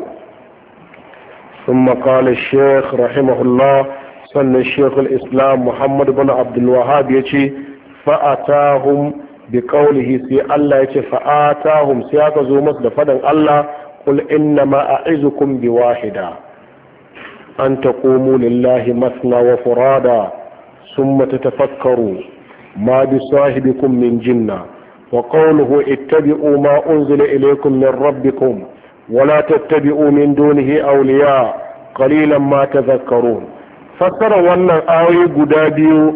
ثم قال الشيخ رحمه الله صلى الشيخ الإسلام محمد بن عبد الوهاب ce فأتاهم بقوله سي الله يتي فآتاهم سياق زومس لفدن الله قل إنما أعزكم wahida. أن تقوموا لله مثنى وفرادى ثم تتفكروا ما بصاحبكم من جنة وقوله اتبعوا ما أنزل إليكم من ربكم ولا تتبعوا من دونه أولياء قليلا ما تذكرون فسر ون آوي قدابي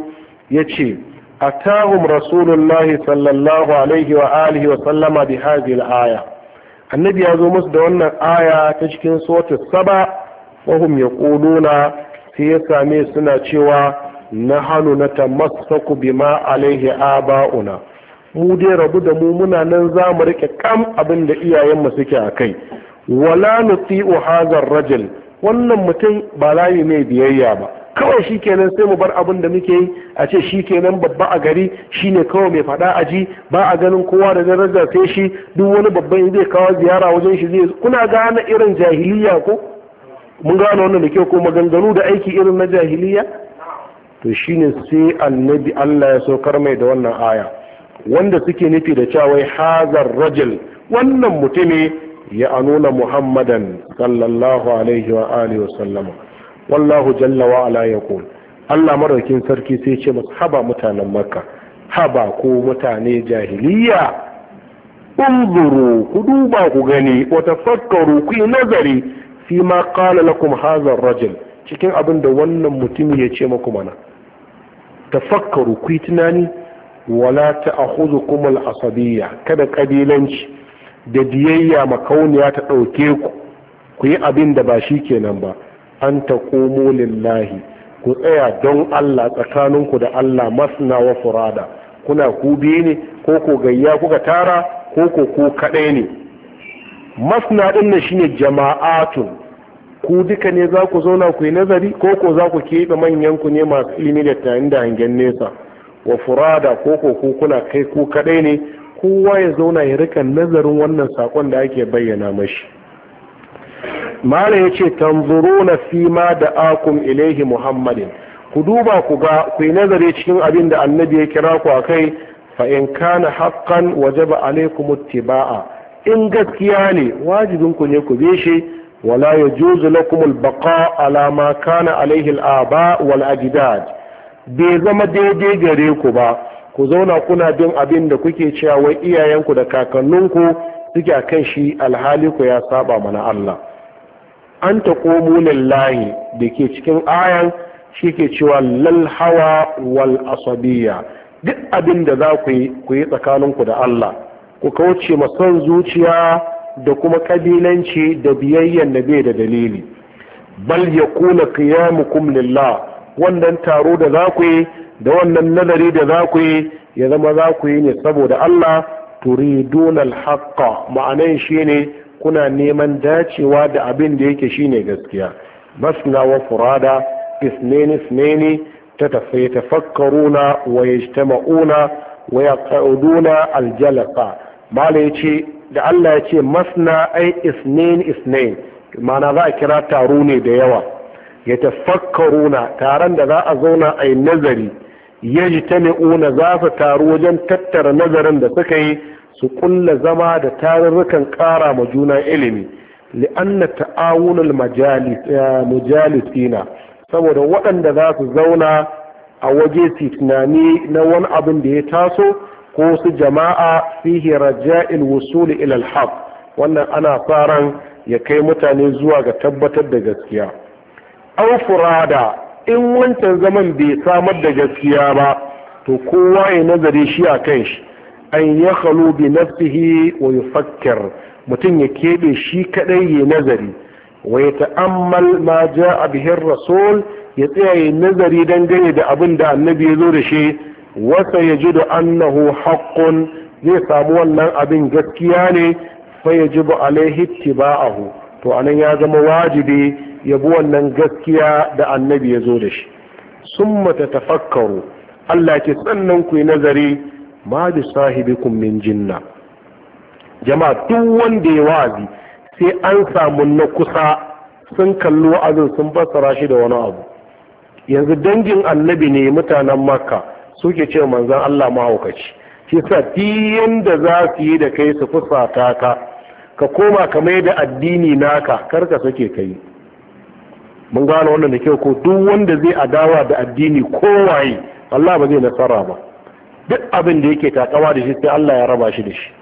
يتشي أتاهم رسول الله صلى الله عليه وآله وسلم بهذه الآية النبي يزومس دون آية تشكين صوت السبع Mahumya ya ƙuluna sai ya same suna cewa na hannu na tamassaku bima alaihi aba'una mu dai rabu da mu muna nan za mu rike kam abin da iyayenmu suke a kai wala nuti'u hazar rajul wannan mutum ba layi mai biyayya ba kawai shi kenan sai mu bar abin da muke yi a ce shi kenan babba a gari shine kawai mai faɗa a ji ba a ganin kowa da daraja sai shi duk wani babban zai kawo ziyara wajen shi zai kuna gane irin jahiliya ko mun gano wannan da kyau ko maganganu da aiki irin na jahiliya to shine sai annabi Allah ya saukar mai da wannan aya wanda suke nufi da cewa hazar rajul wannan mutumi ya anuna muhammadan sallallahu alaihi wa alihi wasallam wallahu jalla wa ala yaqul Allah madaukin sarki sai ce masu haba mutanen makka haba ko mutane jahiliya unzuru ku duba ku gani wata fakkaru ku yi nazari fi ma na kuma hazan rajin cikin abin da wannan mutum ya ce muku mana tafakkaru ku tunani wala ta ta'khudhukum kuma al'asabiya kada kabilanci da biyayya makauniya ta ɗauke ku ku yi abin da ba shi kenan ba an ta komo lillahi ku tsaya don Allah tsakaninku da Allah masna wa furada kuna ku biye ne ko ko gayya kuka tara ko ko ku kadai ne masna din nan shine jama'atun ku duka ne za ku zauna ku yi nazari ko ko za ku keɓe manyan ku ne masu ilimi da tayin da hangen nesa wa furada ko ko ku kuna kai ku kaɗai ne kowa ya zauna ya rika nazarin wannan sakon da ake bayyana mashi mala ya ce tanzuruna fi ma da akum ilaihi muhammadin ku duba ku ga ku yi nazari cikin abin da annabi ya kira ku a kai fa in kana haqqan wajaba alaikum ittiba'a in gaskiya ne wajibin ku ne ku bi shi ولا يجوز لكم البقاء على ما كان عليه الآباء والأجداد bai zama daidai gare ku ba ku zauna kuna bin abin da kuke cewa wai iyayenku da kakanninku suke a kan shi alhali ku ya saba mana Allah an ta komo lillahi da ke cikin ayan shi ke cewa lalhawa wal asabiya duk abin da za ku ku yi tsakaninku da Allah ku kauce ma son zuciya da kuma kabilanci da biyayyan da bai da dalili bal ya kula qiyamukum lillah wannan taro da za ku yi da wannan nazari da za ku yi ya zama za ku yi ne saboda Allah turidun alhaqqa ma'anan shine kuna neman dacewa da abin da yake shine gaskiya masna wa furada isneni isneni tatafakkaruna wa yajtama'una wa yaq'uduna aljalasa malai ce da Allah ya ce masna ai isnin isnin mana za a kira taro ne da yawa ya na taron da za a zauna a yi nazari ya ji ta ne'una za su taru wajen tattara nazarin da suka yi su kulla zama da tarurrukan kara ma juna ilimi li'anna ta'awunul eh, mujalisina saboda waɗanda za su zauna a waje su tunani na wani abin da ya taso ko su jama'a fihi raja'il wusuli ila al-haq wannan ana faran ya kai mutane zuwa ga tabbatar da gaskiya aw furada in wancan zaman bai samar da gaskiya ba to kowa ya nazari shi a kan shi an ya khalu bi nafsihi wa yufakkir mutum ya kebe shi kadai ya nazari wa ya ta'ammal ma ja'a bihi rasul ya tsaya ya nazari dangane da abin da annabi ya zo da shi wasa ya ji da annahu haƙƙun zai samu wannan abin gaskiya ne fa ya ji ba alaihi to anan ya zama wajibi ya bi wannan gaskiya da annabi ya zo da shi sun mata tafakkaru Allah ke sannan ku yi nazari ma bi sahibikum min jinna jama'a duk wanda ya wazi sai an samu na kusa sun kalli wa'azin sun fassara shi da wani abu yanzu dangin annabi ne mutanen makka suke ce manzan Allah mahaukaci shi sa diyan da za su yi da kai su fusata ka ka koma ka mai da addini naka karka suke kai mun gano wannan da kyau ko duk wanda zai adawa da addini kowaye Allah ba zai nasara ba duk abin da yake takawa da shi sai Allah ya raba shi da shi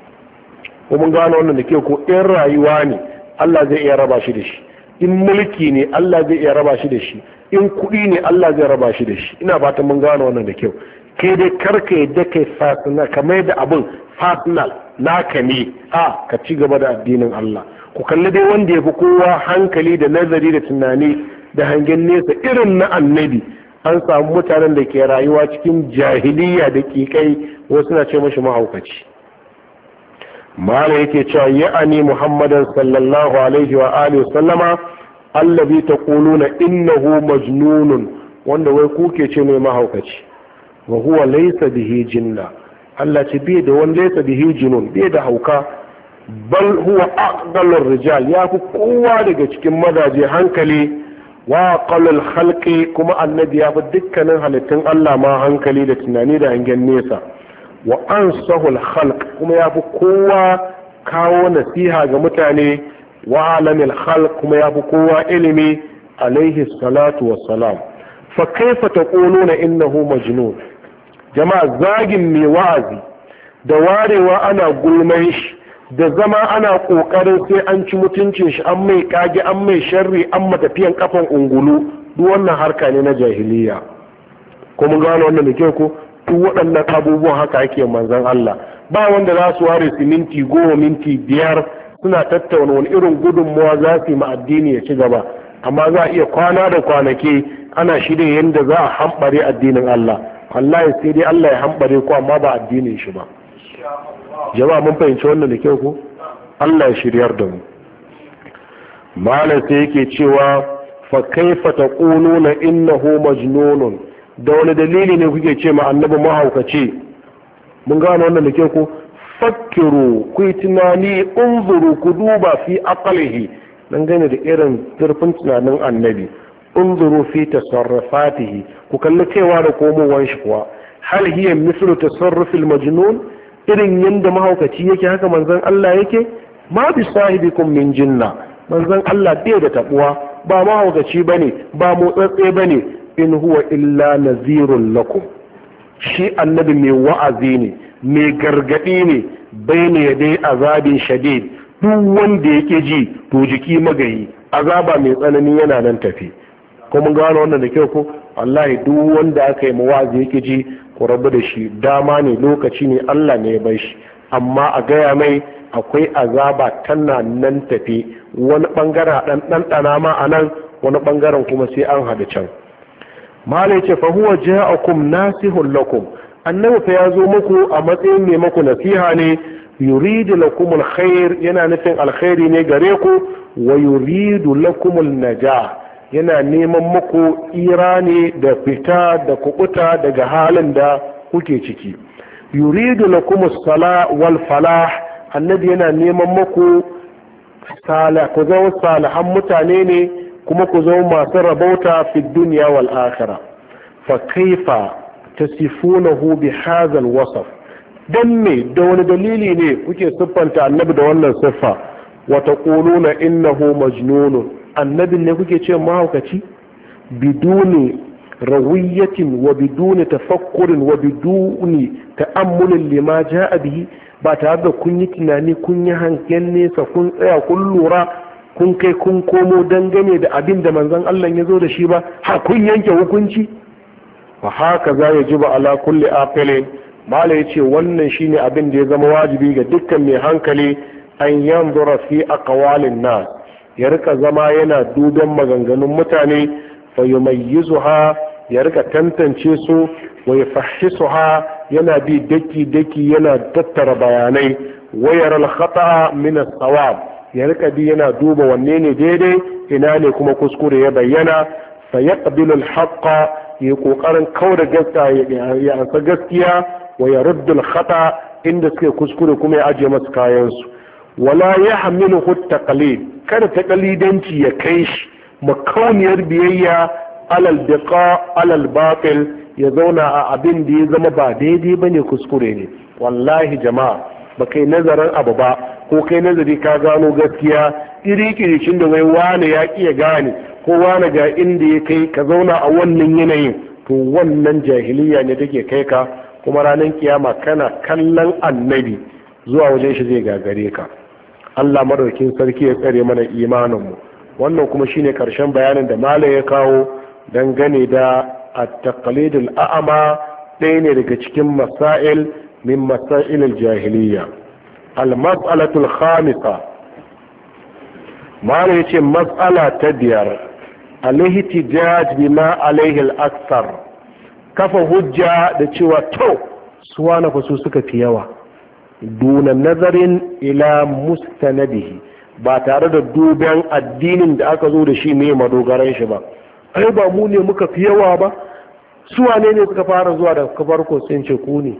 ko mun gano wannan da kyau ko in rayuwa ne Allah zai iya raba shi da shi in mulki ne Allah zai iya raba shi da shi in kuɗi ne Allah zai raba shi da shi ina fatan mun gano wannan da kyau kai dai karka yadda kai ka mai da abin fasinal naka ne a ka ci gaba da addinin Allah ku kalli dai wanda ya fi kowa hankali da nazari da tunani da hangen nesa irin na annabi an samu mutanen da ke rayuwa cikin jahiliya da kikai wasu na ce mashi mahaukaci mala yake cewa ya'ani muhammadan sallallahu alaihi wa alihi sallama allazi inna innahu majnunun wanda wai kuke ce mai mahaukaci wa huwa laysa bihi jinna Allah ce bai da wani laysa bihi jinun bai da hauka bal huwa aqdalur rijal ya fi kowa daga cikin mazaje hankali wa qalul khalqi kuma annabi ya dukkanin halittun Allah ma hankali da tunani da hangen nesa wa ansahul khalq kuma ya fi kowa kawo nasiha ga mutane wa alamil khalq kuma ya fi kowa ilimi alaihi salatu wassalam fa kaifa taquluna innahu majnun jama'a zagin mai wa'azi da warewa ana gulman shi da zama ana ƙoƙarin sai an ci mutuncin shi an mai kage an mai sharri an matafiyan kafan ungulu duk wannan harka ne na jahiliya ko mun gano wannan da ke ko duk waɗannan abubuwan haka ake manzon Allah ba wanda za su ware su minti goma minti biyar suna tattauna wani irin gudunmawa za su yi ma addini ya ci gaba amma za a iya kwana da kwanaki ana shirin yadda za a hambare addinin Allah wallahi sai dai Allah ya hambare ku amma ba addinin shi ba Jam'a mun fahimci wannan da kyau ko Allah ya shiryar da mu malam sai yake cewa fa kaifa taquluna innahu majnunun da wani dalili ne kuke ce ma annabi mahaukace mun gano wannan da kyau ko fakkiru ku tunani unzuru ku duba fi aqalihi dan gane da irin zurfin tunanin annabi unzuru fi tasarrufatihi ku kalli cewa da komowar shi kuwa hal hiya mislu tasarrufil majnun irin yanda mahaukaci yake haka manzon Allah yake ma bi sahibikum min jinna manzon Allah bai da tabuwa ba mahaukaci bane ba motsatse bane in huwa illa nazirun lakum shi annabi mai wa'azi ne mai gargadi ne ya yadai azabin shadid duk wanda yake ji to jiki magayi azaba mai tsanani yana nan tafi ko mun gano wannan da kyau ko wallahi duk wanda aka yi mawazi yake ji ku rabu da shi dama ne lokaci ne Allah ne ya bai shi amma a gaya mai akwai azaba tana nan tafi wani bangaren dan dana ma anan wani bangaren kuma sai an haɗu can malai ce fa huwa ja'akum nasihun lakum annabi fa ya zo muku a matsayin ne muku nasiha ne yuridu lakum alkhair yana nufin alkhairi ne gare ku wa yuridu lakum naja yana neman muku tsira ne da fita da kukuta daga halin da kuke ciki yuridu lakum sala wal falah annabi yana neman muku sala ku zama salihan mutane ne kuma ku zama masu rabauta fi duniya wal akhira. fa kaifa tasifunahu bi hadha al wasf dan me da wani dalili ne kuke siffanta annabi da wannan siffa wa taquluna innahu majnunun annabin ne kuke ce mahaukaci biduni rawiyatin wa biduni tafakkurin wa biduni ta'ammulin lima a bihi ba tare da kun yi tunani kun yi hangen nesa kun tsaya kun lura kun kai kun komo dangane da abin da manzon Allah ya zo da shi ba ha kun yanke hukunci Ba haka za ya ji ba ala kulli aqilin mala ce wannan shine abin da ya zama wajibi ga dukkan mai hankali an yanzura fi aqwalin nas ya rika zama yana duban maganganun mutane fa ha ya rika tantance su wa ha yana bi daki daki yana tattara bayanai wayar yara al min sawab ya rika bi yana duba wanne ne daidai ina ne kuma kuskure ya bayyana fa yaqbilu al-haqqa ya kokarin kauda gaskiya ya ansa gaskiya wa yaruddu al inda suke kuskure kuma ya ajiye masu kayansu wala ya hamilu kalid kada ta kalidanci ya kai shi makauniyar biyayya alal daƙa alal bafil ya zauna a abin da ya zama ba daidai ba ne kuskure ne wallahi jama'a ba kai nazarin abu ba ko kai nazari ka gano gaskiya kirikiricin da wai wane ya ƙi ya gane ko wane ga inda ya kai ka zauna a wannan yanayin to wannan jahiliya ne take kai ka kuma ranar kiyama kana kallon annabi zuwa wajen shi zai gagare ka Allah madaukin sarki ya tsare mana imaninmu wannan kuma shine karshen bayanin da malam ya kawo dangane da at-taqlidul a'ma ɗaya ne daga cikin masail min masail al-jahiliyya al-mas'alatul khamisa malam ce mas'ala ta biyar al-ihtijaj bima alaihi al-akthar kafa hujja da cewa to suwa na fasu suka fi yawa duna nazarin ila mustanadihi ba tare da duban addinin da aka zo da shi mai madogaran shi ba ai ba mu ne muka fi yawa ba su wane ne suka fara zuwa da farko sun ce ku ne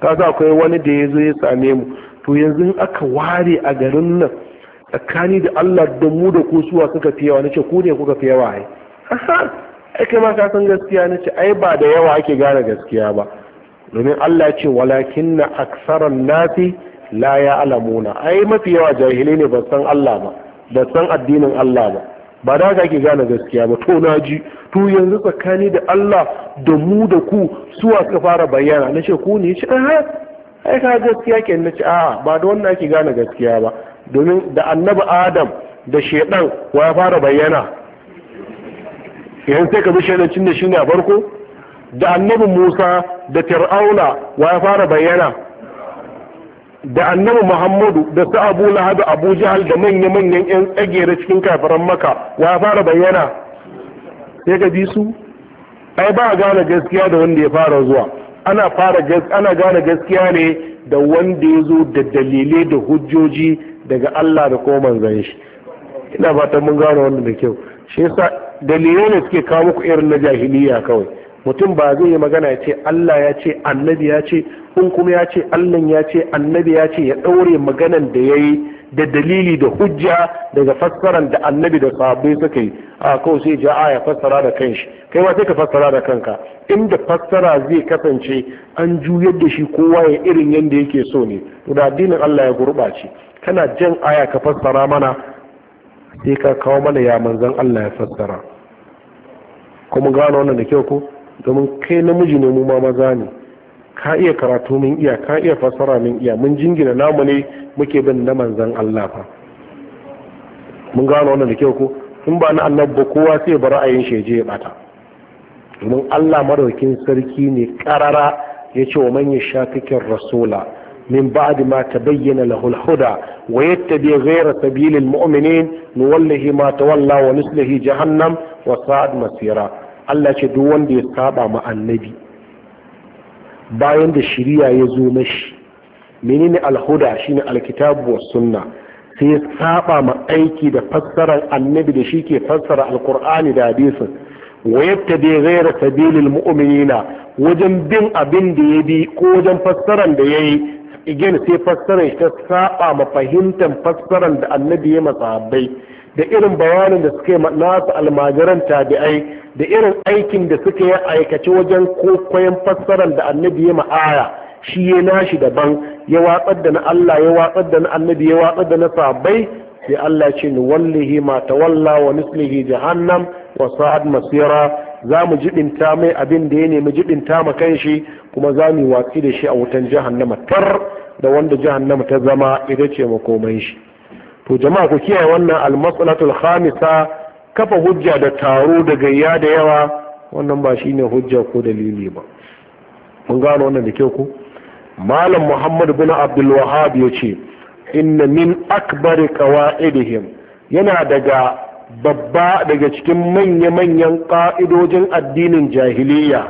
akwai wani da ya zo ya same mu to yanzu aka ware a garin nan tsakani da Allah da mu da ku suwa suka fi yawa nace ku ne kuka fi yawa ai ai kai ma ka san gaskiya ce. ai ba da yawa ake gane gaskiya ba domin Allah ce walakin na aksaran nafi la ya alamuna ai mafi yawa jahilai ne ba san Allah ba ba san addinin Allah ba ba da ka ke gane gaskiya ba to na ji to yanzu tsakani da Allah da mu da ku suwa ka fara bayyana na ce ku ne ce aha ai ka gaskiya ke na ci a. ba da wannan ke gane gaskiya ba domin da annabi adam da shedan wa ya fara bayyana yanzu sai ka bi cin da shi ne a farko da annabi musa da fir'auna wa ya fara bayyana da annabi muhammadu da su abu lahab abu jahal da manya-manyan 'yan tsagere cikin kafiran maka wa ya fara bayyana sai ga ai ba gane gaskiya da wanda ya fara zuwa ana fara ana gane gaskiya ne da wanda ya zo da dalilai da hujjoji daga allah da kuma manzon shi ina fatan mun gane wanda da kyau shi yasa dalilai ne suke kawo muku irin na jahiliya kawai mutum ba zai yi magana ya ce Allah ya ce annabi ya ce in kuma ya ce Allah ya ce annabi ya ce ya ɗaure maganan da ya yi da dalili da hujja daga fassaran da annabi da sahabbai suka yi a kawai sai ja ya fassara da kanshi kai ma sai ka fassara da kanka inda fassara zai kasance an juyar da shi kowa ya irin yadda yake so ne to da addinin Allah ya gurɓace kana jan aya ka fassara mana sai ka kawo mana ya manzon Allah ya fassara kuma gano wannan da kyau ko domin kai namiji ne mu ma maza ne ka iya karatu min iya ka iya fasara min iya mun jingina namu ne muke bin na manzan Allah fa mun gano wannan da kyau ko in ba na annabba kowa sai bar ra'ayin shi je ya bata domin Allah madaukin sarki ne karara ya ce wa man yashakikin rasula min ba'd ma tabayyana lahu al-huda wa yattabi ghayra sabilil mu'minin nuwallihi ma tawalla wa nuslihi jahannam wa sa'ad masira Allah ce duk wanda ya saba ma annabi bayan da shiriya ya zo mashi menene alhuda shine alkitabu was sunna sai ya saba ma aiki da fassarar annabi da shi ke fassara alkur'ani da hadisin wa yattabi ghayra sabilil mu'minina wajen bin abin da ya bi ko wajen fassarar da yayi again sai fassarar ta saba ma fahimtar fassarar da annabi ya masahabbai da irin bayanin da suka yi nasu almajiran tabi'ai da irin aikin da suka yi aikace wajen kwaikwayon fassarar da annabi ya ma'aya shi ya nashi daban ya watsar da na Allah ya watsar da na annabi ya watsar da na sabai sai Allah ce ni wallahi ma tawalla wa nuslihi jahannam wa sa'ad masira za mu jibinta mai abin da ya nemi jibinta ma kanshi kuma za mu watsi da shi a wutan jahannama tar da wanda jahannama ta zama ita ce makomai shi to jama'a ku kiyaye wannan almasalatul khamisa kafa hujja da taro da gayya da yawa wannan ba shine hujja ko dalili ba mun gano wannan da kyau ko malam muhammad bin abdul wahab yace inna min akbari qawaidihim yana daga babba daga cikin manya-manyan ƙa'idodin addinin jahiliya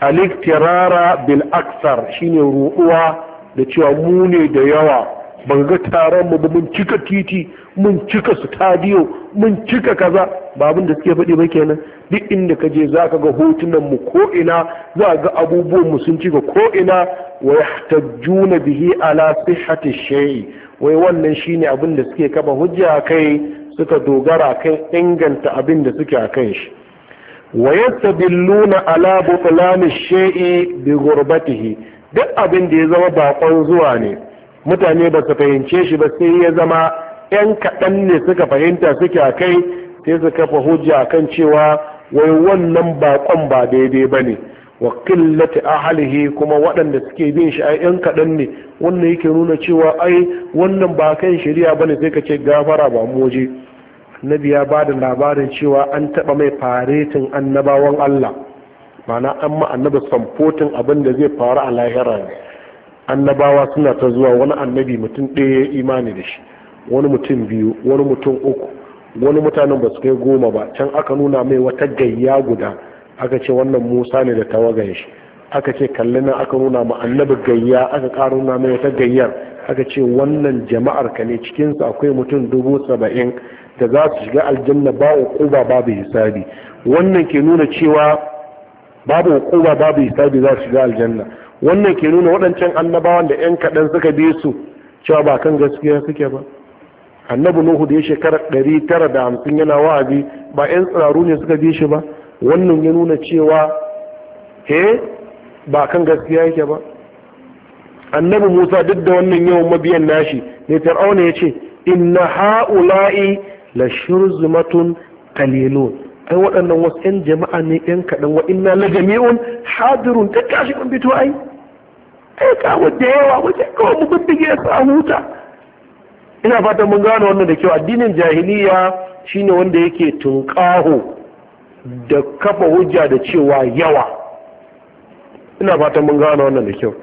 aliktirara bil aksar shine ruwa da cewa mu ne da yawa Ban ga taron mu mun cika titi mun cika stadio mun cika kaza ba abin da suke faɗi ba kenan duk inda ka je zaka ga hotunan mu ko ina za ga abubuwan mu sun cika ko ina wa yahtajuna bihi ala sihhati shay wai wannan shine abin da suke kafa hujja kai suka dogara kan inganta abin da suke a kan shi wa yastadilluna ala butlani shay'i bi gurbatihi duk abin da ya zama bakon zuwa ne mutane ba su fahimce shi ba sai ya zama 'yan kaɗan ne suka fahimta suke a kai sai su kafa hujja a kan cewa wai wannan baƙon ba daidai ba ne wa killati ahlihi kuma waɗanda suke bin shi ai yan kaɗan ne wannan yake nuna cewa ai wannan ba kan shari'a ne sai ka ce gafara ba waje. nabi ya ba da labarin cewa an taɓa mai faretin annabawan Allah mana an ma annabi samfotin abin da zai faru a lahira ne annabawa suna ta zuwa wani annabi mutum ɗaya imani da shi wani mutum biyu wani mutum uku wani mutanen ba su kai goma ba can aka nuna mai wata gayya guda aka ce wannan musa ne da tawagan shi aka ce kalli nan aka nuna ma annabi gayya aka ƙara nuna mai wata gayyar aka ce wannan jama'ar ka ne cikinsu akwai mutum dubu saba'in da za su shiga aljanna ba uquba babu hisabi wannan ke nuna cewa babu uquba babu hisabi za su shiga aljanna wannan ke nuna waɗancan annabawan da 'yan kaɗan suka bi su cewa ba kan gaskiya suke ba annabi nuhu da ya shekara ɗari tara da hamsin yana wa'azi ba 'yan tsiraru ne suka bi shi ba wannan ya nuna cewa he ba kan gaskiya yake ba annabi musa duk da wannan yawan mabiyan nashi ne tar'auna ya ce inna ha'ula'i la shurzumatun qalilun ai waɗannan wasu 'yan jama'a ne 'yan kaɗan wa inna la jami'un hadirun ta kashi kun ai sai kawo da yawa wace kawai mu da a huta ina fatan mun gane wannan da kyau addinin jahiliya shine wanda yake tunƙaho da kafa hujja da cewa yawa ina fatan mun gane wannan da kyau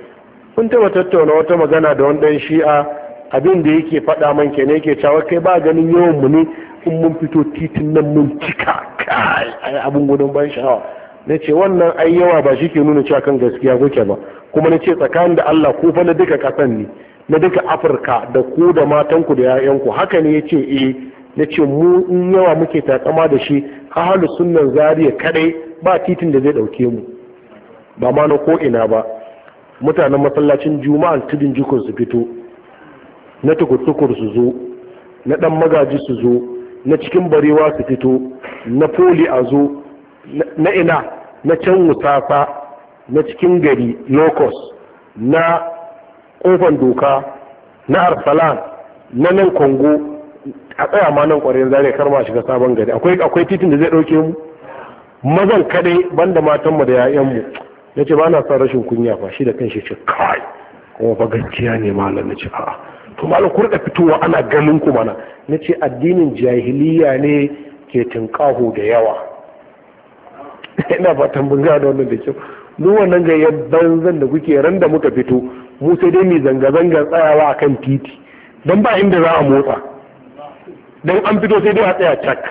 kun taba tattauna wata magana da wani shi'a abin da yake faɗa man kenan yake cewa kai ba ganin yawan mu ne in mun fito titin nan mun cika kai abin gudun ban sha'awa nace wannan ai yawa ba shi ke nuna cewa kan gaskiya kuke ba kuma na ce tsakanin da Allah ku fa na duka kasan ne na duka Afirka da ku da matanku da 'ya'yanku haka ne ya ce eh na ce mu in yawa muke takama da shi halu sunnan zariya kadai ba titin da zai dauke mu ba ma na ko ina ba mutanen masallacin juma'a tudin jikun su fito na tukur su zo na dan magaji su zo na cikin barewa su fito na foli a zo na ina na can wutafa na cikin gari locus na kofan doka na arsalan na nan kongo a tsaya ma nan kwarin zare kar ma shiga sabon gari akwai titin da zai dauke mu mazan kadai banda matan mu da yayan mu nace ba na son rashin kunya fa shi da kanshi ce kai kuma fa gaskiya ne malam nace a'a to malam kurka fitowa ana ganin ku mana nace addinin jahiliya ne ke tinkaho da yawa ina fatan mun da wannan da kyau duk wannan gayyar banzan da kuke ran da muka fito mu sai dai mai zanga-zangar tsayawa a kan titi don ba inda za a motsa don an fito sai dai a tsaya cak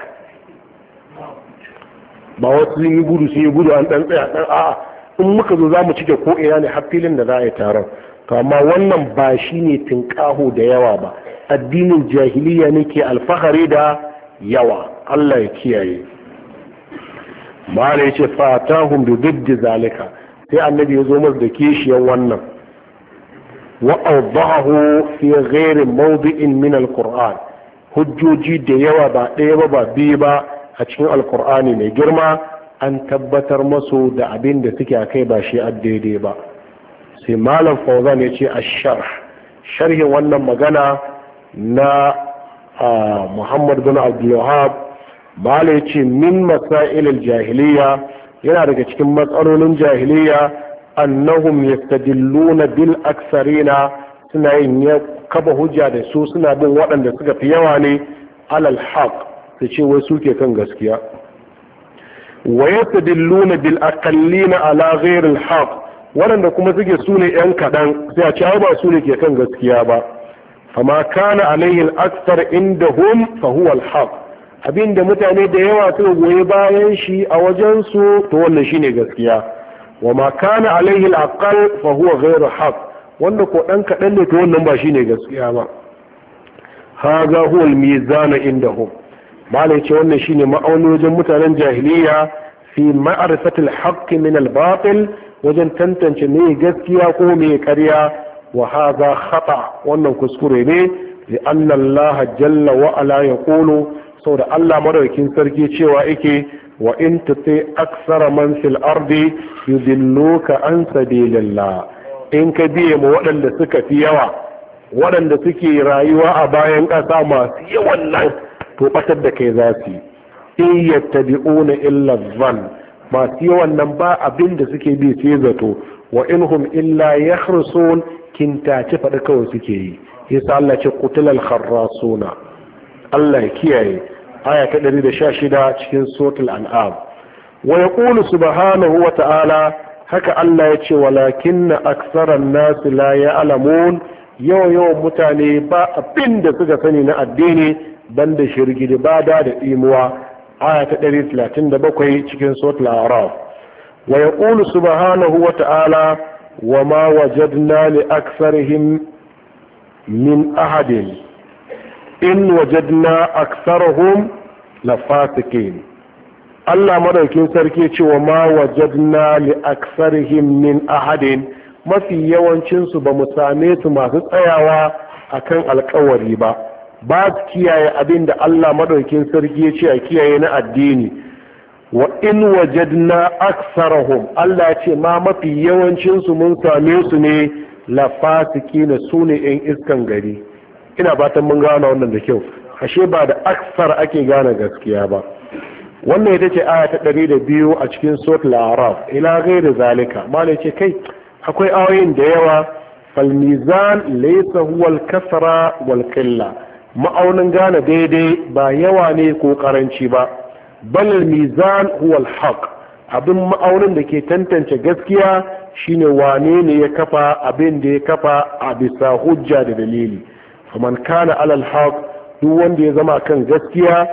ba wasu sun gudu sun yi gudu an ɗan tsaya ɗan a'a in muka zo za mu cike ko ina ne har filin da za a yi taron to amma wannan ba shine ne da yawa ba addinin jahiliya ne ke alfahari da yawa Allah ya kiyaye mala ya ce fatahun bi zalika sai annabi ya zo masu da kishiyar wannan wa awdahu fi ghairi mawdi'in min alquran hujjoji da yawa ba ɗaya ba ba biyu ba a cikin alkur'ani mai girma an tabbatar masu da abin da suke a kai ba shi a daidai ba sai malam fauzan ya ce a sharh sharhin wannan magana na muhammad bin abdulwahab malam ya ce min masailil jahiliya yana daga cikin matsalolin jahiliya annahum yastadilluna bil aksarina suna yin ya hujja da su suna bin waɗanda suka fi yawa ne alal haq su ce wai ke kan gaskiya wa yastadilluna bil aqallina ala ghairil haq waɗanda kuma suke su ne yan kaɗan sai a ce ba su ne ke kan gaskiya ba fama kana alaihi al aksar indahum fa huwa al haq abin da mutane da yawa suka goyi bayan shi a wajensu to wannan shine gaskiya wa ma kana alaihi al-aqal fa huwa ghairu haq wanda ko dan kadan ne to wannan ba shine gaskiya ba haga huwa al-mizan indahum malai ce wannan shine ma'auni wajen mutanen jahiliya fi ma'rifati al min al-batil wajen tantance me gaskiya ko me ƙarya wa ga khata wannan kuskure ne li anna Allah jalla wa ala yaqulu da Allah madaukakin sarki cewa yake wa in tuti aksara man fil ardi yudilluka an sabilillah in ka biye mu waɗanda suka fi yawa waɗanda suke rayuwa a bayan ƙasa masu yawan nan to batar da kai za su in yattabi'una illa zan, masu yawan nan ba abin da suke bi sai zato wa hum illa yakhrusun kintace faɗi kawai suke yi yasa Allah ce qutilal kharrasuna Allah ya kiyaye aya ta 116 cikin suratul an'am wa yaqulu subhanahu wa ta'ala haka Allah ya ce walakinna aksaran nasu la alamun yawan yawan mutane ba abin da suka sani na addini banda shirgidi bada da imuwa aya ta 137 cikin suratul a'raf wa yaqulu subhanahu wa ta'ala wa ma wajadna li aktsarihim min ahadin in wajadna aksarahum la Allah madaukin sarki cewa ma wajadna li aksarihim min ahadin mafi yawancinsu ba mu same su masu tsayawa akan alkawari ba ba su kiyaye abin da Allah madaukin sarki ya ce a kiyaye na addini wa in wajadna aksarahum Allah ce ma mafi yawancinsu mun same su ne la fasikina sune ne 'yan iskan gari ina fatan mun gane wannan da kyau ashe ba da aksar ake gane gaskiya ba wannan ita ce aya ta ɗari da biyu a cikin sot la'araf ila gai da zalika mana ce kai akwai ayoyin da yawa falmizan laysa huwal kasara wal qilla ma'aunin gane daidai ba yawa ne ko karanci ba bal mizan huwal haq abin ma'aunin da ke tantance gaskiya shine wane ne ya kafa abin da ya kafa a bisa hujja da dalili faman kana alal haq duk wanda ya zama kan gaskiya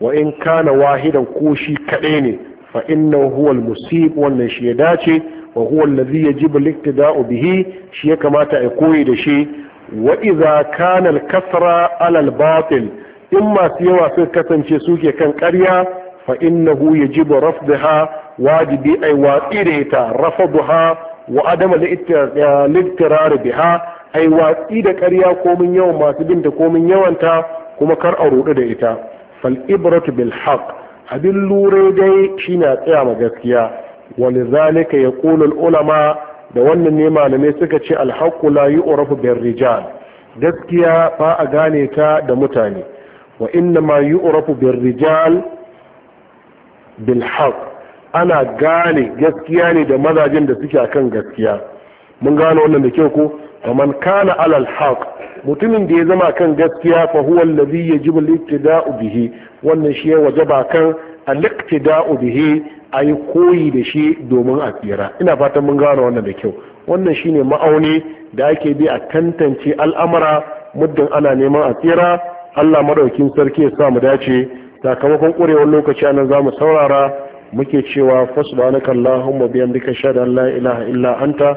wa in kana wahidan ko shi kaɗai ne fa innahu huwal musib wannan shi ya dace wa huwa allazi yajibu liktida'u bihi shi ya kamata a koyi da shi wa idza kana al kasra alal batil in masu yawa sun kasance suke kan ƙarya fa innahu yajibu rafdaha wajibi ay watsi da ita rafadaha wa adama al biha ai watsi da ƙarya komin yawan masu binta komin yawanta kuma kar a rudu da ita fal ibratu bil haqq abin lura dai shine a tsaya ma gaskiya wani zalika ya kulul ulama da wannan ne malamai suka ce alhaqqu la yu'rafu bir rijal gaskiya ba a gane ta da mutane wa inna ma yu'rafu bir rijal bil haqq ana gane gaskiya ne da mazajen da suke a kan gaskiya mun gane wannan da kyau ko wa kana alal haq mutumin da ya zama kan gaskiya fa huwa allazi yajibu al-iktida'u bihi wannan shi ya wajaba kan al-iktida'u bihi ayi koyi da shi domin a tsira ina fatan mun gano wannan da kyau wannan shine ma'auni da ake bi a tantance al'amara muddin ana neman a tsira Allah madaukin sarki ya sa mu dace sakamakon kurewar lokaci anan zamu saurara muke cewa fa subhanakallahumma bihamdika shada la ilaha illa anta